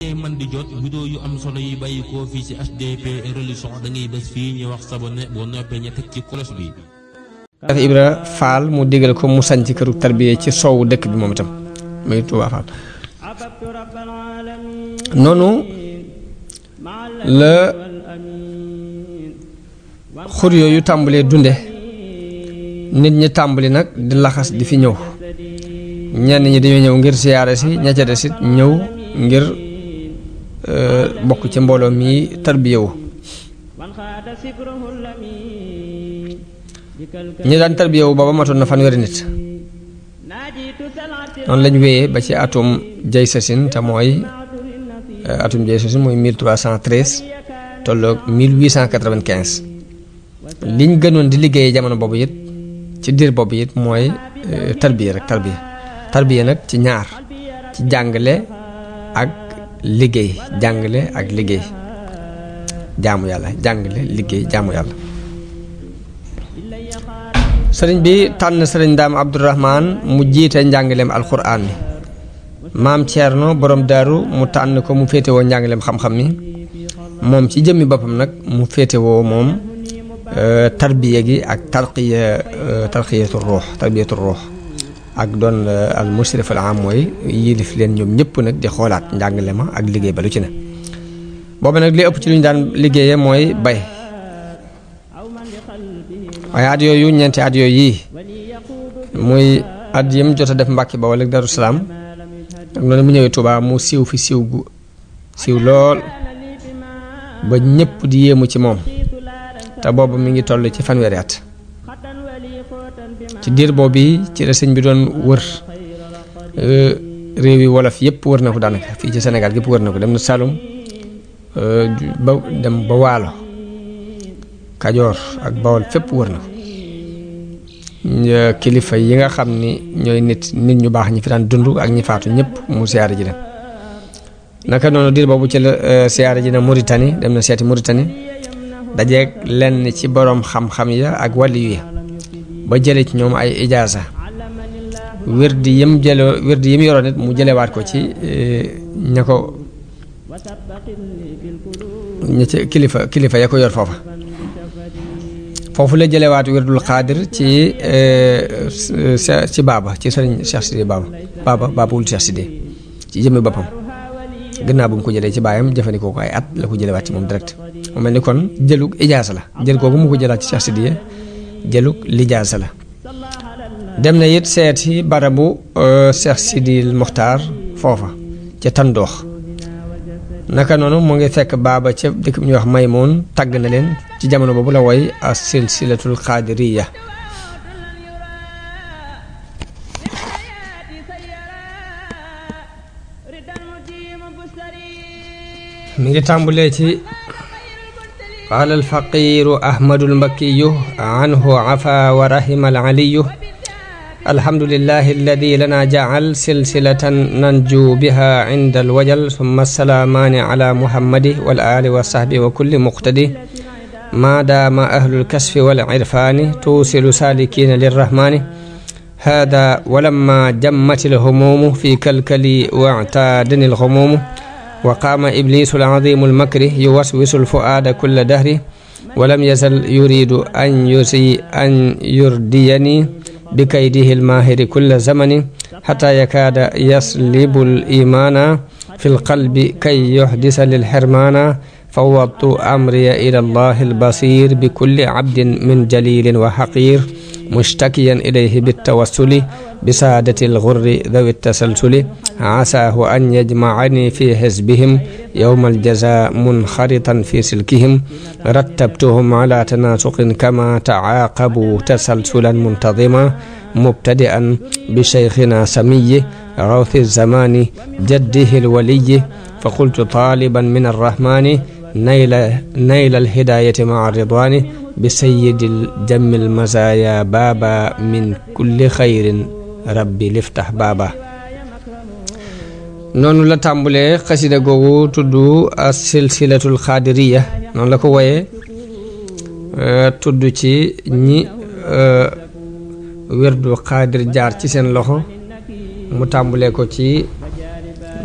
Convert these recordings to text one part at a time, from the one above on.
man di jot vidéo yu am solo yi bàyyi koo ci HDP religion da ngay bés fii ñu wax sabone boo noppee ñu teg ci cloche bi. Cheikh Ibra Fall mu digal ko mu sanc këru tarbiya ci soowu dëkk bi moom itam muy Touba Fall noonu la xur yooyu tàmbalee dunde nit ñi tàmbali nag di laxas di fi ñëw ñenn ñi dañoo ñëw ngir siyaare si ñëw ngir. Euh, bokk ci mbooloo mi tarbiyewu ñi daan tarbiyewu booba matoon na fanweeri nit noonu lañ wéyee ba ci atum jay sasin te mooy euh, atum jay sasin mooy 1313 tolloog 1895 liñ gënoon di liggéeyee jamono boobu it ci diir boobu it mooy euh, tarbiye rek tarbiye tarbiye nag ci ñaar ci jàngale ak liggéey jàngale ak liggéey jaamu yàlla jàngale liggéey jaamu yàlla sëriñ bi tànn sëriñ daam abdourahman mu jiite njàngaleem alquran mi maam Thierno borom daaru mu tànn ko mu féetewoo njàngaleem xam-xam mi moom ci jëmmi boppam nag mu féetewoo moom euh, tarbiya gi ak tarqiya euh, tarqiyatu ruux tarbiyatu ruux ak doon al musrif al am mooy yilif leen ñoom ñëpp nag di xoolaat njàngale ma ak liggéey ba lu ci ne booba nag li ëpp ci lu ñu daan liggéeyee mooy bay waaye at yu ñeenti at yooyu yii muy at yim jot a def mbàkki ba wala daru ak noonu mu ñëwee tubaab mu siiw fi siiw gu siiw lool ba ñëpp di yéemu ci moom te boobu mi ngi toll ci fanweeri at ci dir boobu ci la sëñ bi doon wër eh, réew yi wolof yëpp wër na ko daanaka fii ci Sénégal yëpp wër na ko dem na Saloum eh, ba dem ba Waalo ak Bawol fépp wër na ko ya, kilifa yi nga xam ni ñooy nit nit ñu baax ñi fi daan dund ak ñi faatu ñëpp mu siyaare ji dem naka noonu dir boobu ci la eh, siyaare ji na Mauritanie dem na seeti Mauritanie dajeeg lenn ci borom xam-xam ya ak ba jële ci ñoom ay ijaasa wirdi yëm jële wirdi yëm yoroon it mu jëlewaat ko ci eh, ña ko kilifa kilifa ya ko yor foofa foofu la jëlewaat wirdul xaadir ci eh, eh, ci baaba ci sëriñ Cheikh Sidi baaba baaba baabawul si Sidi ci jëmmi boppam gannaaw bu mu ko jëlee ci baayam jëfandikoo ko ay at la ko jëlewaat ci moom direct mu mel ni kon jëlu ijaasa la jël kooku mu ko jëlaat ci Cheikh Sidi jëlug lijaasa la dem na it seeti barabu euh, Cheikh Sidil Muxtaar foofa ca Tandoox naka noonu mu ngi fekk baaba ca dëkk bi ñuy wax Maymoun tàgg na leen ci jamono boobu la woy ak silsilatul qaadiriya قال الفقير أحمد المكي عنه عفا ورحم العلي الحمد لله الذي لنا جعل سلسلة ننجو بها عند الوجل ثم السلامان على محمد والآل والصحب وكل مقتدي ما دام أهل الكشف والعرفان توصل سالكين للرحمن هذا ولما جمت الهموم في كلكلي واعتادني الغموم وقام إبليس العظيم المكره يوسوس الفؤاد كل دهره ولم يزل يريد أن يسيء أن يرديني بكيده الماهر كل زمن حتى يكاد يسلب الإيمان في القلب كي يحدث للحرمان فوضت أمري إلى الله البصير بكل عبد من جليل وحقير مشتكيا إليه بالتوسل بسادة الغر ذوي التسلسل عساه أن يجمعني في حزبهم يوم الجزاء منخرطا في سلكهم رتبتهم على تناسق كما تعاقبوا تسلسلا منتظما مبتدئا بشيخنا سمي غوث الزمان جده الولي فقلت طالبا من الرحمن نيل, نيل الهداية مع الرضوان bi sayyidil jammil masaaya baaba min kulli xayrin rabbi liftax baaba noonu la tàmbulee xasida googu tudd silsilatul xaadiriya noonu la ko woyee euh, tudd ci ñi euh, wirdu xaadir jaar ci seen loxo mu tàmbulee ko ci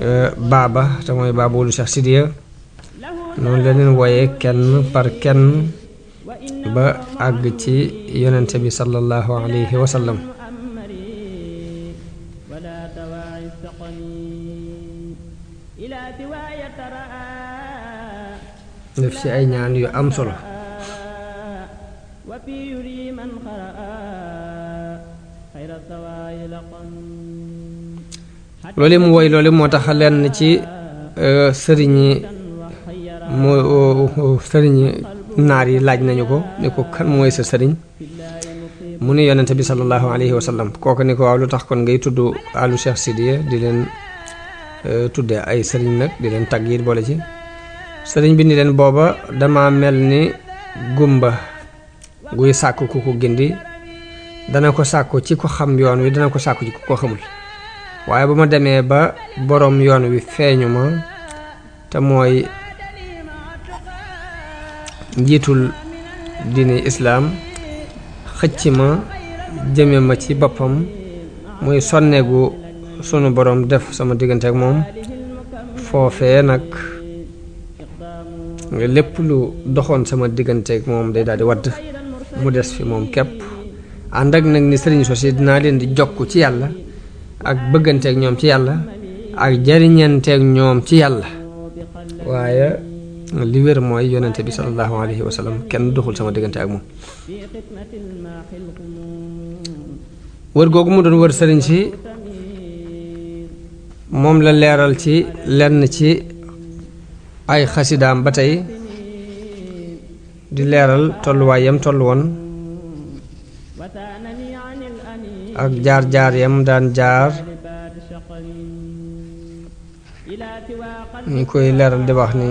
euh, baaba te mooy baaba wulu Cheikh Sidiya noonu la leen wooyee kenn par kenn ba àgg ci yonente bi sallallahu alayhi wa sallam def ci ay ñaan yu am solo loolu mu woy loolu moo tax lenn ci euh, sëriñi mu euh, naar yi laaj nañu ko ne ko kan mooy sa sëriñ mu ne yonente bi sallallahu alayhi wa sallam ni ko waaw lu tax kon ngay tudd àllu Cheikh Sidiya di leen e, tuddee ay sëriñ nag di leen tagg yi boole ci sëriñ bi ni leen booba dama mel ni gumba guy sàkk ku ko gindi dana ko sàkku ci ko xam yoon wi dana ko sàkku ci ku ko xamul waaye bu ma demee ba boroom yoon wi feeñu ma te mooy njiitul diine islaam xëcc ma jëme ma ci boppam muy sonneegu sunu boroom def sama diggante ak moom foofe nag lépp lu doxoon sama diggante ak moom day daal di wadd mu des fi moom képp ànd ak nag ni sëriñ sosi dinaa leen di jokk ci yàlla ak bëgganteeg ñoom ci yàlla ak jariñanteeg ñoom ci yàlla waaye li wér mooy yonente bi sallallahu alayhi wa kenn doxul sama diggante ak moom wër googu mu doon wër sëriñ si moom la leeral ci lenn ci ay xasidaam ba tey di leeral tolluwaay yam toll ak jaar-jaar yam daan jaar ñu koy leeral di wax ni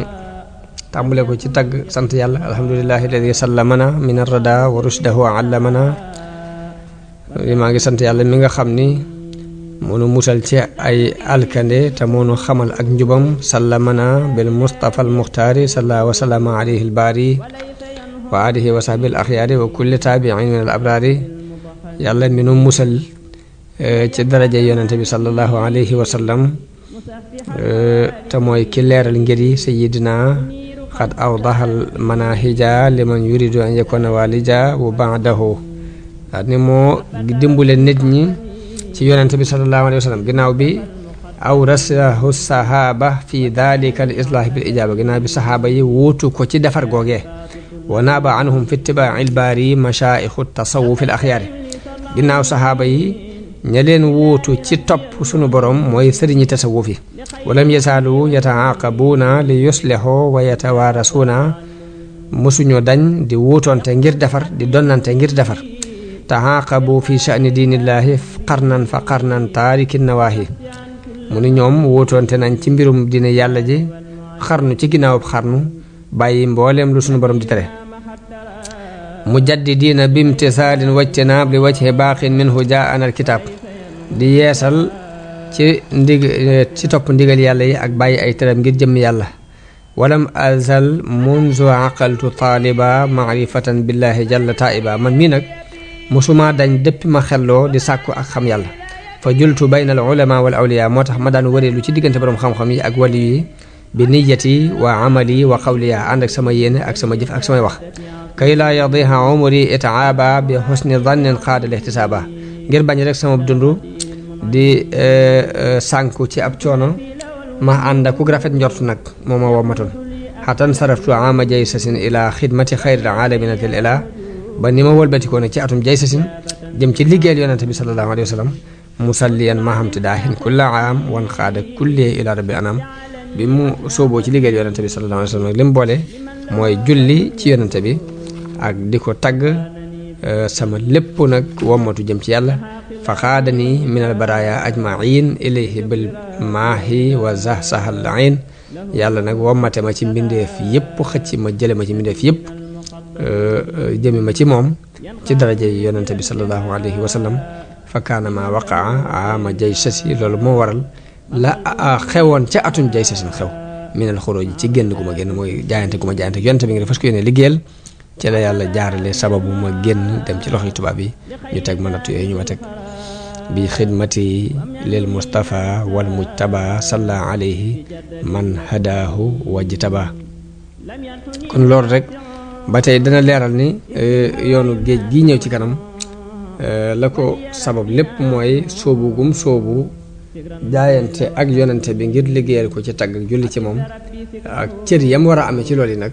tàmbule ko ci tagg sant yàlla alhamdulilahi alladi sallamana min arrada wa rushdahu allamana maa ngi sant yàlla mi nga xam ni moonu musal ci ay alkande te moonu xamal ak njubam sallamana bil mustafa al muxtaari salla wa sallama alayhi al baari wa alihi wa sahbi al axyaari wa kulli taabiin min al abraari yàlla mi nu musal ci daraja yonente bi sallallahu alayhi wa sallam te mooy ki leeral ngir yi sayidina xad awdahal manahija liman yuridu an yakuna walija wa baadahu ni moo dimbule nit ñi ci yonente bi salallahu alayhi wa sallam ginnaaw bi aw rasahu sahaba fi dalika al islaahi bil ijaaba ginnaaw bi sahaaba yi wuutu ko ci defar googee wa naaba anhum fi itibaa il baari tasawufi l axyaari ginnaaw sahaaba yi ña leen wuutu ci topp sunu borom mooy sëriñi tasawuf yi walam yasaalu yataaqabuuna li yuslihoo wa yatawaarasuuna mosuñu dañ di wuutoonte ngir defar di donnante ngir defar taaqabu fi sha'ni diinillaahi qarnan fa qarnan taariki nawaahi mu ni ñoom wuutoonte nañ ci mbirum dina yàlla ji xarnu ci ginnaawub xarnu bàyyi mbooleem lu suñu borom di tere mujaddidiina bimtisaalin wajtinaab li wajhi baaqin minhu jaa anal kitaab di yeesal ci eh, ci topp ndigal yàlla yi ak bàyyi ay tëram ngir jëm yàlla walam azal munzu aqaltu taaliba maarifatan billahi jalla taiba man mii nag mosuma dañ dëppi ma xelloo di sàkku ak xam yàlla fa jultu bayna al ulama wal awliya moo tax ma daan lu ci diggante borom xam-xam yi ak wali yi bi niyati wa amali wa qawliya ànd ak sama yéene ak sama jëf ak samay wax kay laa yadiha umri itaaba bi husni dannin xaadal ihtisaaba ngir bañ rek sama dund di eh, eh, sànku ci ab coono ma ànd ak ku rafet njort nag moo ma womatoon xatan saraftu ama jay sasin ila xidmati xayril alamina til ila ba ni ma wëlbatikoo ne ci atum jay sasin jëm ci liggéeyal yonente bi salallahu alayhi wa sallam musalliyan mahamti daahin kulla am wan xaada kulli ila rabbi anam bi mu sooboo ci liggéeyal yonente bi salallahu alayhi wa sallam nag li mu boole mooy julli ci yonente bi ak di ko tagg eh, sama lépp nag wommatu jëm ci yàlla fa xaadani min al baraya ajmain ilayhi bil maahi wa zah sahal ain yàlla nag wommate ma ci mbindeef yëpp xëcc ma jële ma ci mbindeef yëpp jëme ma ci moom ci daraja yi yonente bi salallahu alayhi wa sallam fa kaana ma waqaa ama jay sasi loolu moo waral la xewoon ca atum jay sasin xew minal xuróoj ci génn gu ma génn mooy jaayante gu ma jaayante yonente bi ngi fas ko yéene liggéeyal ci la yàlla jaarale sababu ma génn dem ci loxoy tubaab yi ñu teg ma natt ñu ma teg bi xidmati lil mustafa wal taba salla alayhi man hadaahu taba kon loolu rek ba tey dana leeral ni eh, yoonu géej gi ñëw ci kanam eh, la ko sabab lépp mooy soobu gum soobu jaayante ak yonante bi ngir liggéeyal ko ci tagg ak julli ci moom ak cër yam war a amee ci lool yi nag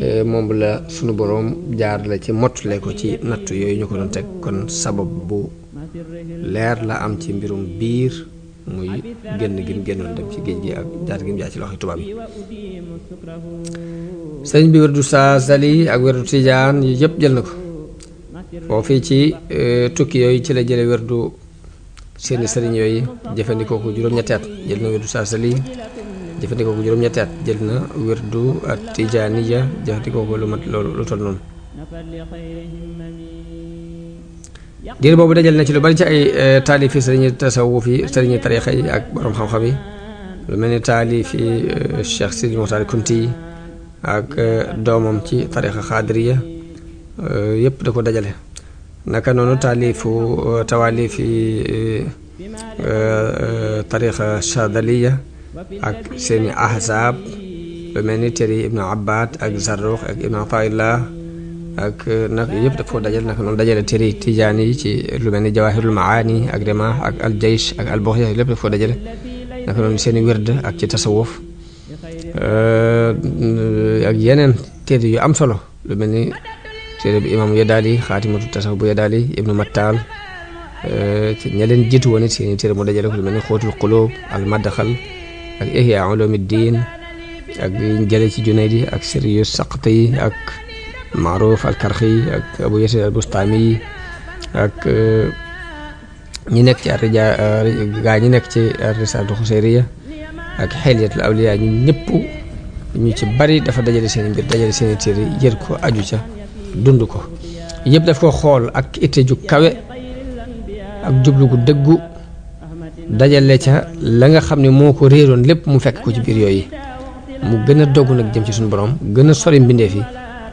eh, moom la sunu boroom jaar la ci mottule ko ci nattu yooyu ñu ko doon teg kon sabab bu leer la am ci mbirum biir muy génn gi mu génnoon dem ci géej gi ak jaar gi mu jaar ci loxo tubaab yi sëñ bi werdu saasali ak werdu tijaan yu yëpp jël na ko foofii ci e, tukki yooyu ci la jële werdu seeni sëriñ yooyu jëfandikoo ko juróom-ñetti at jël na werdu saasali jëfandikoo ko juróom-ñetti jël na werdu at tijaaniya jëfandikoo ko lu mat loolu lu toll noonu diir boobu dajal na ci lu bari ci ay taalifi sëriñi tasawuf yi sëriñi tarixa yi ak borom xam-xam yi lu mel ni taalifi Cheikh Sidi Moxtaar Kunti yi ak doomam ci tarixa xaadiriya yëpp da ko dajale naka noonu taalifu tawaalifi tarixa chadaliya ak seeni ahzaab lu mel ni téere yi Ibnu Abbaad ak Zarruq ak Ibnu Ataillah ak nag yëpp daf foo dajal naka noonu dajale téere tijaan yi ci lu mel ni jawahirul maani ak rema ak al jaysh ak al boxya lépp daf foo dajale naka noonu seen i wérd ak ci tasawuf ak yeneen téere yu am solo lu mel ni téere bi imam yadaali xaatimatu tasawuf bu yadaali ibnu mattaal ci ña leen jiitu woon it seen i téere mu dajale ko lu mel ni xóotul xulóob al maddaxal ak ihya ulumi diin ak yiñ jële ci junaydi ak sérieux saqta yi ak Maaruf al ak Abu Yasir al-Bustami ak euh, ñi nekk ci arrija gaa ñi nekk ci arrisaatu xuseyriya ak xeliyatul awliya ñu ñëpp ñu ci bari dafa dajale seen mbir dajale seen téere jër ko aju ca dund ko yëpp daf ko xool ak itte ju kawe ak jublu gu dëggu dajale ca la nga xam ni moo ko réeroon lépp mu fekk ko ci biir yooyu mu gën a dogg nag jëm ci suñu borom gën a sori mbindeef yi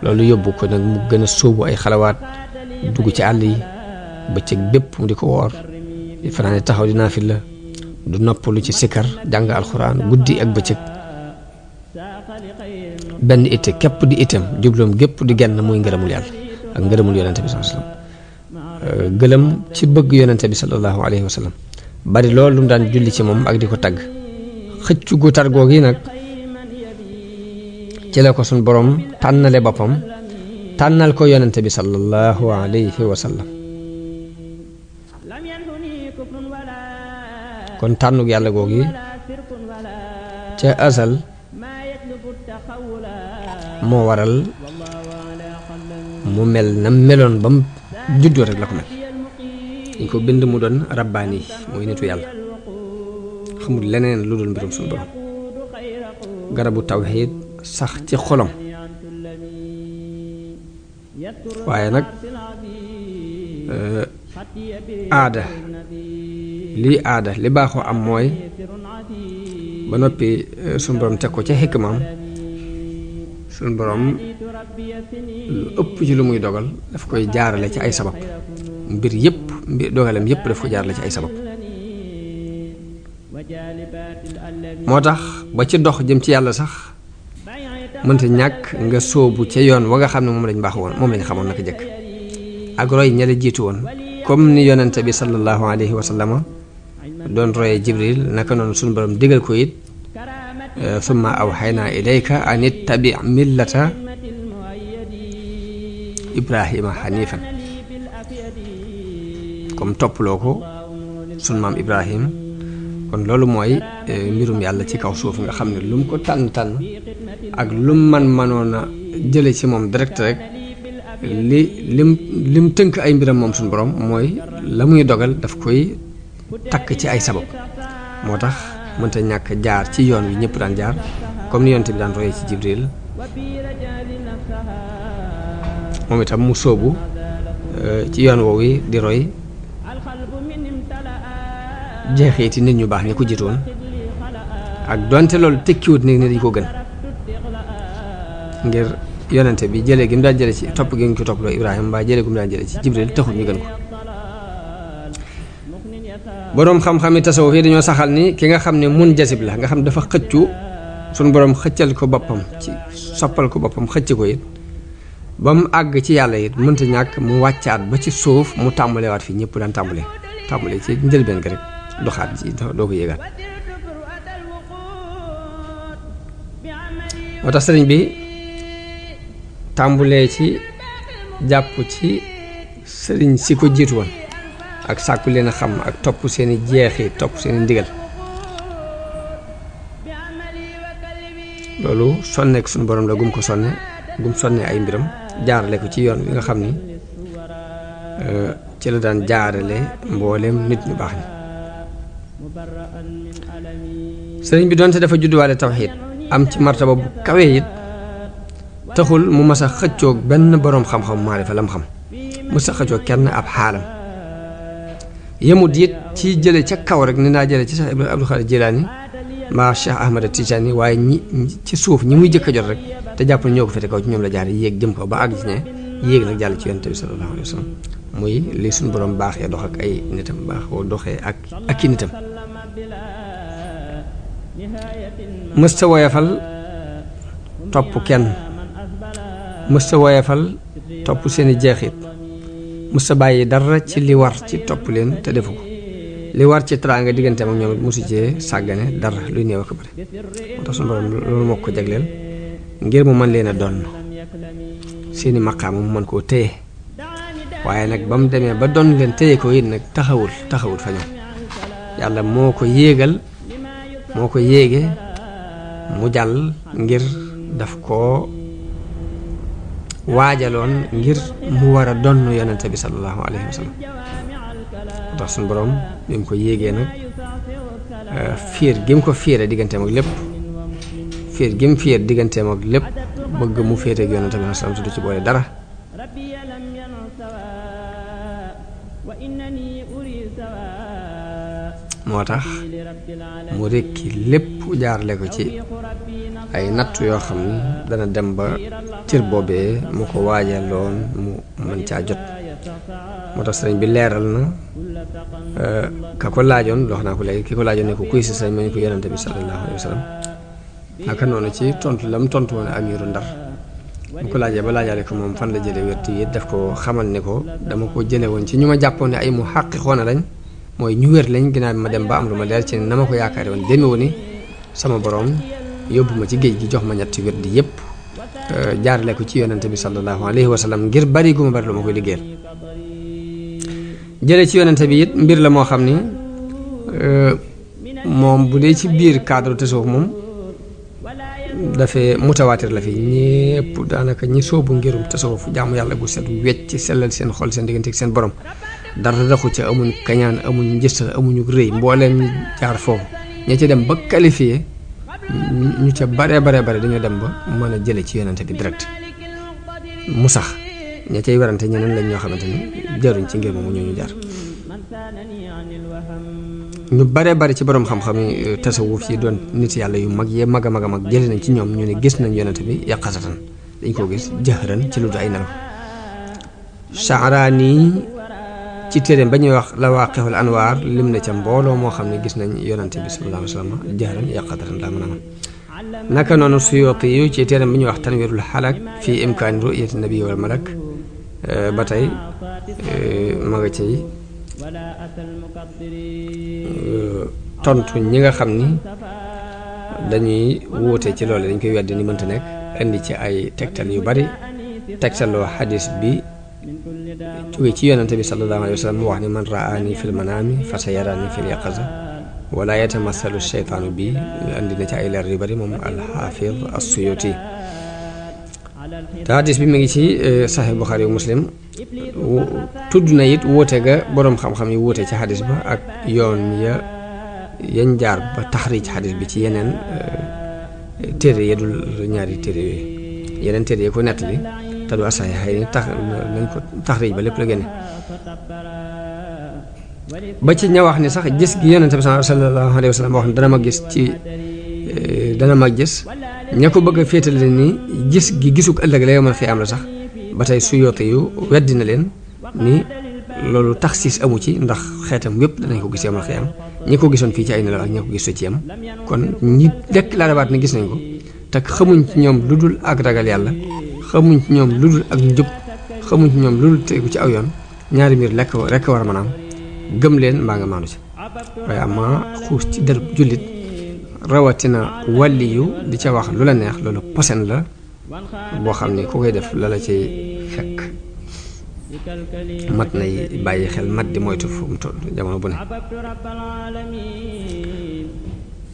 loolu yóbbu ko nag mu gën a suubu ay xalawaat dugg ci àll yi bëccëg bépp mu di ko woor di taxaw di naafil la du nopp lu ci sikkar jàng alxuraan guddi ak bëccëg benn itte képp di itam jubloom gépp di genn muy ngërëmul yàlla ak ngërëmul yonente bi sallallahu alayhi euh, gëlëm ci bëgg yonente bi sallallahu alayhi wasallam bari loolu mu daan julli ci moom ak di ko tagg xëccu gu tar googi nag ci la ko suñu borom tànnale boppam tànnal ko yonent bi sallallahu alayhi wa sallam kon tànnug yàlla googi ca asal moo waral mu mel na meloon ba mu juddoo rek la ko mel dañ ko bind mu doon rabbaani yi mooy yàlla xamul leneen lu dul mbirum suñu borom garabu tawxiid sax ci xolam waaye nag aada lii aada li baaxoo am mooy ba noppi suñ borom teg ko ca xikmaam suñ borom lu ëpp ci lu muy dogal daf koy jaarale ci ay sabab mbir yépp mbir dogalam yépp daf ko jaarale ci ay sabab moo tax ba ci dox jëm ci yàlla sax mënta ñàkk nga soobu ca yoon wa nga xam ne moom lañ baax woon moom lañ xamoon naka jëkk ak roy ña la jiitu woon comme ni yonente bi sallallahu alayhi wa sallama doon roye jibril naka noonu suñu borom digal ko it euh, summa awxaynaa ilayka an ittabi millata ibrahima xanifan comme toppaloo ko sunu maam ibrahim kon loolu mooy eh, mbirum yàlla ci kaw suuf nga xam ne lu mu ko tànn tànn ak lu mu man manoon a jële ci moom direct rek li lim lim tënk ay mbiram moom suñu borom mooy la muy dogal daf koy takk ci ay sabab moo tax mënta ñàkk jaar ci yoon wi ñëpp daan jaar comme ni yonent bi daan royee ci Jibril moom itam mu sóobu eh, ci yoon woowu di roy jeexeeti nit ñu baax ñi ko jitoon ak donte loolu tekkiwut nit ñi ko gën ngir yonente bi jëlee gi mu daan jëlee ci topp gi ñu ci topp ibrahima mbaa jëlee gi mu daan jëlee ci jibril taxul ñu gën ko borom xam-xami tasawuf yi dañoo saxal ni ki nga xam ne mun jasib la nga xam dafa xëccu sun borom xëccal ko boppam ci soppal ko boppam xëcc ko it ba mu àgg ci yàlla it mënta ñàkk mu wàccaat ba ci suuf mu tàmbalewaat fi ñëpp daan tàmbale tàmbale ci njëlbeen rek doxaat ci doo ko yéegaat moo tax sëriñ bi tàmbulee ci jàpp ci sëriñ si ko jiitu woon ak sàkku leen a xam ak topp seeni jeexi topp seeni ndigal loolu sonneek suñu borom la gum ko sonne gum sonne ay mbiram jaarale ko ci yoon wi nga xam ni euh, ci la daan jaarale mboolem nit ñu baax ni sëriñ bi doonte dafa judduwaale tawxiid am ci martaba bu kawee it taxul mu mas a xëccoog benn boroom xam-xam maarifa lam xam mu sa xëccoog kenn ab xaalam yemut it ci jële ca kaw rek ni naa jële ci Cheikh Ibrahima Abdul Xaadir Jilaani maa Cheikh Ahmada Tijaani waaye ñi ci suuf ñi muy jëkk a jot rek te jàpp ne ñoo ko fete kaw ci ñoom la jaar yéeg jëm ko ba àgg ci ne yéeg nag jàll ci yonent bi sallallahu alayhi wa muy li suñ borom baaxee dox ak ay nitam baax koo doxee ak ak i nitam mësta woyafal topp kenn mësta woyafal topp seeni jeexit mësta bàyyi dara ci li war ci topp leen te defu ko li war ci teraanga digganteem ak ñoom mosu cee sàggane dara luy néew ak bëri moo tax suñu borom loolu moo ko jagleel ngir mu mën leen a doon seeni maqaama mu mën koo téye waaye nag ba mu demee ba doon leen téye ko it nag taxawul taxawul fa ñoom yàlla moo ko yéegal moo ko yéege mu jàll ngir daf koo waajaloon ngir mu war a donn yonente bi sallallahu alayhi wa sallam tax suñu borom bi mu ko yéegee nag fiir gi mu ko fiire digganteem ak lépp fiir gi mu fiir digganteem ak lépp bëgg mu féete ak yonente bi sallam du ci boole dara moo tax mu rekki lépp jaarale ko ci ay natt yoo xam ne dana dem ba cër boobee mu ko waajaloon mu mën caa jot moo tax sëriñ bi leeral na euh, ka ko laajoon loo xam naa ko léegi ki ko laajoon ne ko kuy si sëriñ ma ñu ko yonante bi sallallahu alayhi wa naka noonu ci tontu la mu tontu woon amiru ndar mu ko laajee ba laajaale ko moom fan la jële wér yi daf ko xamal ne ko dama ko jële woon ci ñu ma jàppoon ne ay mu xàqi xoona lañ mooy ñu wér lañ ginnaaw bi ma dem ba am lu ma leer ci ne na ma ko yaakaare woon demewu ni sama boroom yóbbuma ci géej gi jox ma ñetti wér di yépp euh, jaarle ko ci yonente bi sallallahu alayhi wa sallam ngir bari ma bari lu ma koy ci yonente bi it mbir la moo xam ni euh, moom bu dee ci biir cadre tasawuf moom dafay mutawaatir la fi ñépp daanaka ñi soobu ngirum tasawuf jaamu yàlla gu set wecc sellal seen xol seen diggante ak seen borom dara raxu ca amuñ kañaan amuñ njëstal amuñu rëy mbooleem ñu jaar foofu ña ca dem ba qualifié ñu ca bare bare bare dañoo dem ba mën a jële ci yonante bi direct mu sax ña cay werante ñeneen lañ ñoo xamante ni jaruñ ci ngir moomu ñoo ñu jaar ñu bare bare ci borom xam-xam yi euh, tasawuf yi doon nit yàlla yu mag yee mag a mag a mag jëli nañ ci ñoom ñu ne gis nañ yonante bi yàqasatan dañ koo gis jëxëran ci lu du ay nelaw saaraani ci téere ba ñuy wax la waaqixul anwaar lim na ca mbooloo moo xam ne gis nañ yonante bi sallallahu alayhi wa sallam jaxran yàqataran laa mën a naka noonu suyuuti yu ci téeréem bi ñuy wax tanwiirul xalak fii imkaani ru'yati nabi wal malak eh, ba tey eh, ma nga cay eh, tontu ñi nga xam ni dañuy wuute ci loolu dañ koy weddi ni mënta nekk indi ci ay tegtal yu bari tegtaloo xadis bi ci yonante bi sallallahu alayhi wa sallam mu wax ni man raani fil manaami fa sa fil yaqaza wala yatamasalu sheytaanu bi andi na ci ay yu bari moom alxaafir assuyuti te hadis bi mu ngi ci e, saxi buxaari yu muslim tudd na it woote ga boroom xam-xam yi woote ci hadis ba ak yoon ya yañ jaar ba taxrij hadis bi ci yeneen e, téere ya dul ñaari téere yooyu yeneen téere ya ko nettali te du asaay xëy na tax nañ ko taxrij ba lépp la génne ba ci ña wax ni sax gis gi yonente bi sallallahu alayhi wa sallam wax ne dana ma gis ci dana ma gis ña ko bëgg a féetale ni gis gi gisuk ëllëg la yomal xiyaam la sax ni loolu tax siis amu ci ndax xeetam yépp danañ ko gis kon ñi dekk laa rabaat ni gis nañ ko te xamuñ ci ñoom lu xamuñ ci ñoom lu dul ak njub xamuñ ci ñoom lu dul tegu ci aw yoon ñaari mbir lekk rekk war a mën gëm leen mbaa nga maanu ci waaye ama xuus ci der jullit rawatina wàlliyu di ca wax lu la neex loolu posen la boo xam ne ku koy def la la ci fekk mat nay bàyyi xel mat di moytu fu mu jamono bu ne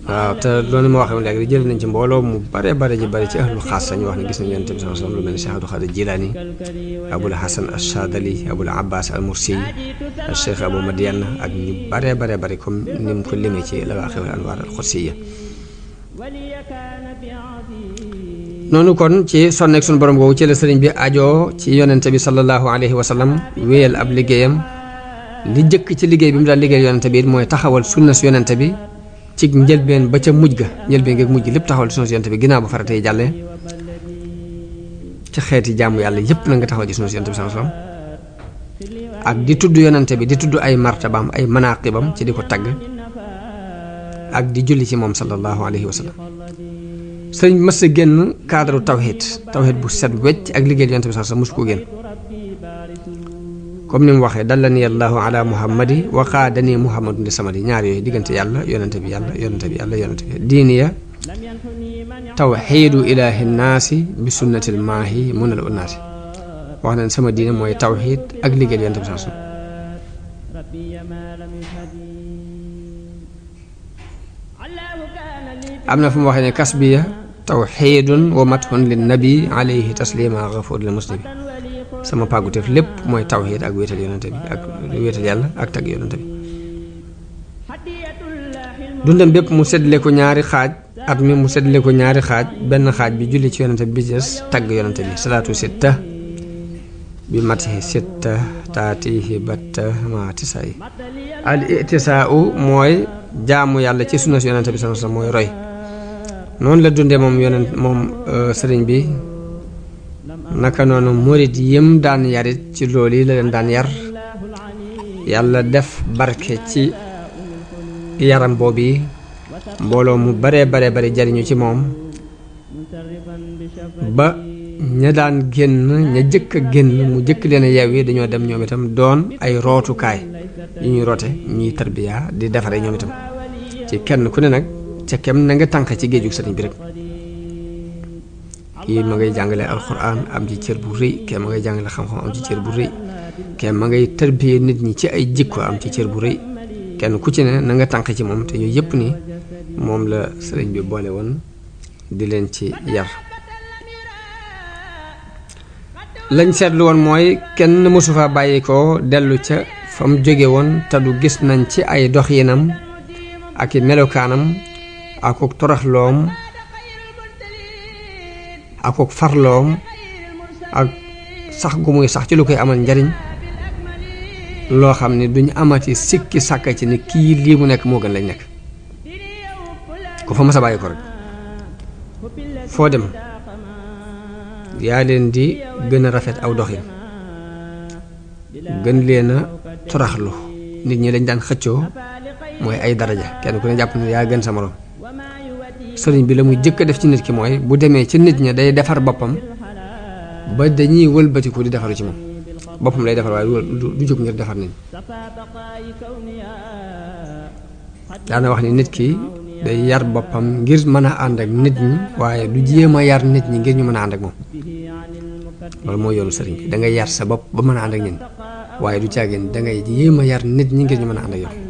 waaw te loolu moo waxee léegi jël nañ ci mbooloo mu bare bare ji bare ci ahlu xaas sañu wax ne gis nañ yonent bi sallallahu alayhi wa sallam lu mel ne Cheikh Abdul Xaadir Jilaani Abul Hasan Ash-Shaadili ak ñu bare bare ni mu ko limee ci Lawaahiwul Anwaar al kon ci sonneeg suñu borom googu ci la bi ajoo ci yonente bi sallallahu alayhi wa sallam wéyal ab liggéeyam li jëkk ci liggéey bi mu daan liggéeyal yonente bi it mooy taxawal sunna su yonente bi ci njëlbeen ba ca mujj ga njëlbeen geeg mujj gi lépp taxawal sunu yonte bi ginnaaw ba faratee jàllee ci xeeti jaamu yàlla yépp na nga taxawal ci sunu yonte bi sama ak di tudd yonante bi di tudd ay martabam ay manaqibam ci di ko tagg ak di julli ci moom sallallahu alayhi wa sallam sëriñ mës génn cadre tawhid tawhid bu set wecc ak liggéey yonante bi sama comme ni mu waxee dallani allahu ala muhammadi wa qaadani muhammadun li samadi ñaar yooyu diggante yàlla yonente bi yàlla yonente bi yàlla yonente bi diiniya tawxiidu ilahi nnaasi bi sunnati lmaahi munal unnaasi wax nañ sama diine mooy tawxiid ak liggéeyal yonente bi saa am na fu mu waxee ne kasbiya tawxiidun wa mathun linnabi alayhi taslima gafuur lil muslimi sama pàgguteef lépp mooy tawxiid ak wéetal yonente bi ak wéetal yàlla ak tagg yonente bi dundam bépp mu seddale ko ñaari xaaj at mi mu seddale ko ñaari xaaj benn xaaj bi julli ci yonente bi des tagg yonente bi salaatu sitta taatihi batta ma tisaay al itisaau mooy jaamu yàlla ci sunna si bi sama mooy roy noonu la dunde moom yonent moom euh, sëriñ bi naka noonu murit yëm daan yarit ci loolu yi la leen daan yar yàlla def barke ci yaram boobu yi mbooloo mu bare bare bare jariñu ci moom ba ña daan génn ña jëkk a génn mu jëkk leen yeew yi dañoo dem ñoom itam doon ay rootukaay yu ñuy roote ñuy tarbiya di defare ñoom itam ci kenn ku ne nag ca kem na nga tànq ci géejug sëriñ bi rek kii ma ngay jàngale alxuraan am ci cër bu rëy kee ma ngay jàngale xam-xam am ci cër bu rëy kenn ma ngay tarbiyee nit ñi ci ay jikko am ci cër bu rëy kenn ku ci ne nanga nga tànq ci moom te yooyu yëpp ni moom la sëriñ bi boole woon di leen ci yar lañ seetlu woon mooy kenn mësu fa bàyyi ko dellu ca fa jóge woon te du gis nañ ci ay doxinam ak i melokaanam ak toroxloom akuk farloom ak sax ku muy sax ci lu koy amal njariñ loo xam ne duñ amati sikki sàkka ci ni kii lii mu nekk moo gën lañ nekk ku fa masa bàyyi ko rek foo dem yaa leen di gën a rafet aw doxin gën leen a toraxlu nit ñi lañ daan xëccoo mooy ay daraja kenn ku ne jàpp ne yaa gën sa moroom sëriñ bi la muy jëkk a def ci nit ki mooy bu demee ci nit ña day defar boppam ba dañuy wëlbatiku di defaru ci moom boppam lay defar waaye du jóg ngir defar nit wax ni nit ki day yar boppam ngir mën a ànd ak nit ñi waaye du jéem a yar nit ñi ngir ñu mën a ànd ak moom loolu mooy yoonu sëriñ bi dangay ngay yar sa bopp ba mën a ànd ak ñun waaye du caagin da ngay jéem a yar nit ñi ngir ñu mën a ànd ak yow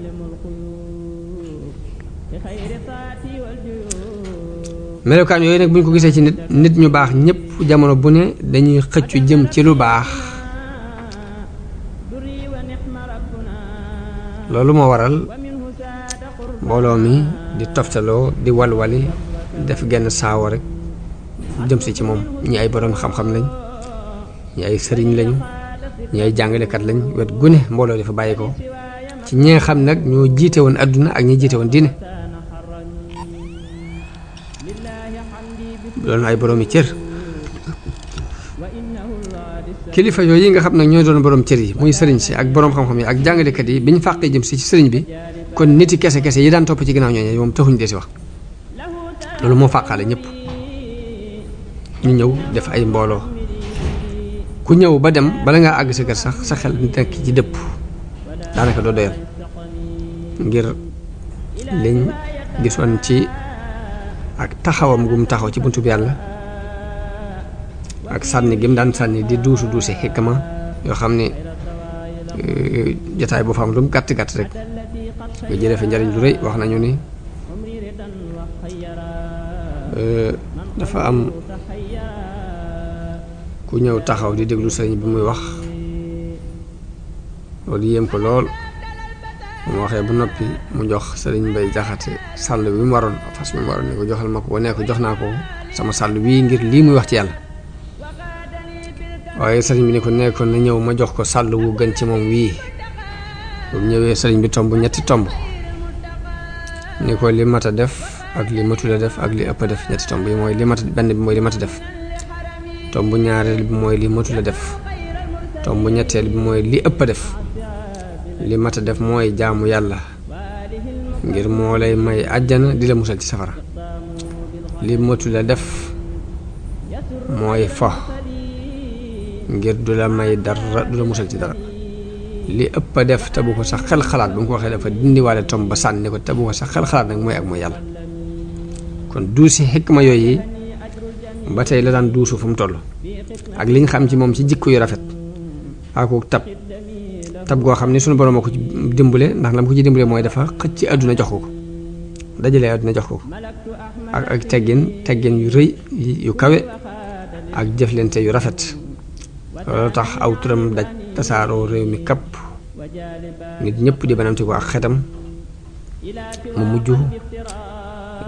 melokaan yooyu nag bu ñu ko gisee ci nit nit ñu baax ñëpp jamono bu ne dañuy xëccu jëm ci lu baax loolu moo waral mbooloo mi di toftaloo di walwali def genn saawo rek jëm si ci moom ñi ay boroom xam-xam lañ ñu ay sëriñ lañu ñi ay jàngalekat lañ wet gune mbooloo dafa bàyyi ko ci ñi nga xam nag ñoo jiite woon àdduna ak ñi jiite woon diine doon ay boroomi cër kilifa yooyu yi nga xam nag ñooy doon borom cër yi muy sëriñ si ak borom xam-xam ak jàngalekat yi bi ñu fàqee jëm si ci sëriñ bi kon nit yi kese kese yi daan ci ginnaaw ñooñu moom taxuñ dee loolu moo fàqaale ñëpp ñu ñëw def ay mbooloo ku ñëw ba dem bala ngaa àgg sa kër sax sa xel ki ci dëpp daanaka doo ngir liñ gisoon ci ak taxawam gum taxaw ci bi yalla ak sanni gim dan sanni di duusu duuse hikma yo xamni eh, jotaay bu fam lum gatt gatt rek nga jere fa njariñ lu reuy wax nañu ni eh, dafa am ku ñew taxaw di deglu sëriñ bi muy wax loolu yem ko lol mu waxee ba noppi mu jox sëriñ mbay jaxate sàll wi mu waroon fas bi mu waroon ko joxal ma ko ba ne ko jox naa ko sama sàll bii ngir lii muy wax ci yàlla waaye sëriñ bi ne ko ne na ñëw ma jox ko sàll wu gën ci moom wii bu ñëwee sëriñ bi tomb ñetti tomb ni ko li mata def ak li matula def ak li ëpp def ñetti tomb yi mooy li mata benn bi mooy li mata def tomb ñaareel bi mooy li matula def tomb ñetteel bi mooy li ëpp def li mat a def mooy jaamu yàlla ngir moo lay may àjjana di la musal ci safara li matu la def mooy fo ngir du la may dara du la musal ci dara li ëpp a def te ko sax xel xalaat ba nga ko waxee dafa dindiwaale tomb ba sànni ko te bu ko sax xel xalaat nag mooy ak mooy yàlla kon duusi xikma yooyu ba tey la daan duusu fu mu toll ak liñ xam ci moom ci jikko yu rafet ak tab tab goo xam ne sunu borom ko ci dimbale ndax lam ko ci dimbale mooy dafa xëcc ci àdduna jox ko ko dajalee àdduna jox ko ko ak ak teggin teggin yu rëy yu kawe ak jëflante yu rafet loolu tax aw turam daj tasaaroo réew mi kapp nit ñëpp di ci ko ak xetam mu mujj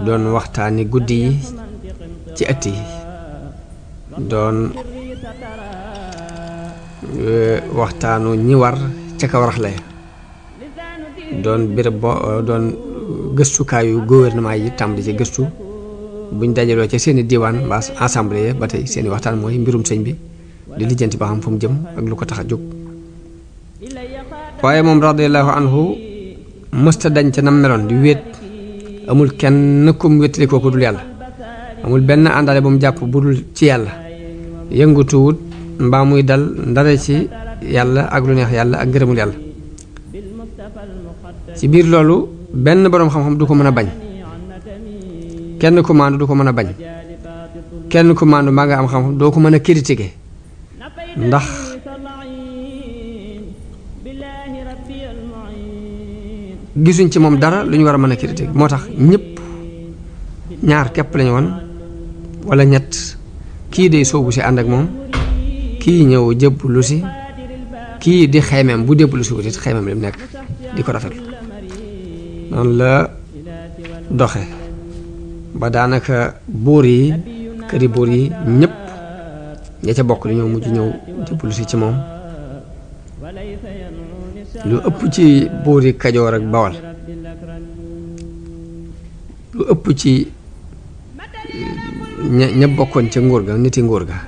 doon waxtaani guddi yi ci ëtt doon euh, waxtaanu ñi war ca kaw doon béréb bo euh, doon gëstukaayu gouvernement yi di ci gëstu buñ dajaloo ci seen i diwaan mbaa assemblée ba tey seeni waxtaan mooy mbirum sëñ bi di lijjanti ba xam fu mu jëm ak lu ko tax a jóg waaye moom radiallahu anhu mësta dañ ca nam di wéet amul kenn kum wéttali koo ku dul yàlla amul benn àndaale bu jàpp bu dul ci yàlla yëngutuwut mbaa muy dal ndare ci Yalla, ak lu neex yàlla ak ngërëmul yàlla ci biir loolu benn borom xam-xam du ko mën a bañ kenn ku mandu du ko mën a bañ kenn ku mandu ma nga am xam-xam doo ko mën critiquer ndax gisuñ ci moom dara lu ñu war a mën a critiquer moo tax ñëpp ñaar képp lañu woon wala ñett kii day soobu si ànd ak moom kii ñëw jëpp lu si kii di xaymeem bu déblu suwut it xaymeem lim nekk di ko rafetlu noonu la doxe ba daanaka buur yi këri buur yi ñëpp ña ca bokk dañoo mujj ñëw si ci moom lu ëpp ci buur yi kajoor bawal lu ëpp ci ña ña bokkoon ca nguur ga niti nguur ga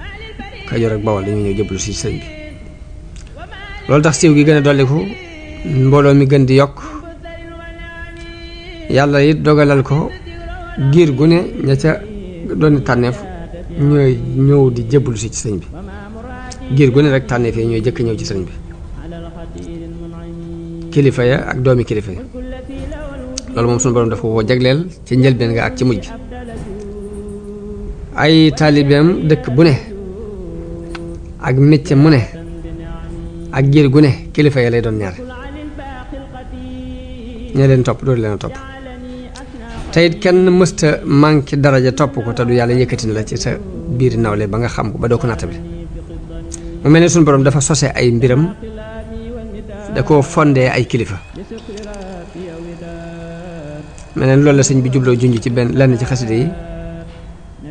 kajoor ak bawal dañoo ñëw jébbalu si sëñ loolu tax siiw gi gën a dolliku mbooloo mi gën di yokk yàlla it dogalal ko giir gu ne ña ca doon tànneef ñooy ñëw di jébbalu si ci sëñ bi giir gu ne rek tànneef yi ñooy jëkk ñëw ci sëñ bi kilifa ya ak doomi kilifa ya loolu moom suñu borom dafa ko jagleel ci njëlbeen nga ak ci mujj ay taalibeem dëkk bu ne ak métier mu ne ak giir gu ne kilifa ya lay doon ñaar ña leen topp doo leen topp teyit kenn mësta manqué daraja topp ko te du yàlla yëkkati na la ci sa biir nawle ba nga xam ko ba doo ko nattable mu mel ne suñu boroom dafa sose ay mbiram da koo fondee ay kilifa mel ne loolu la sëñ bi jubloo junj ci benn lenn ci xaside yi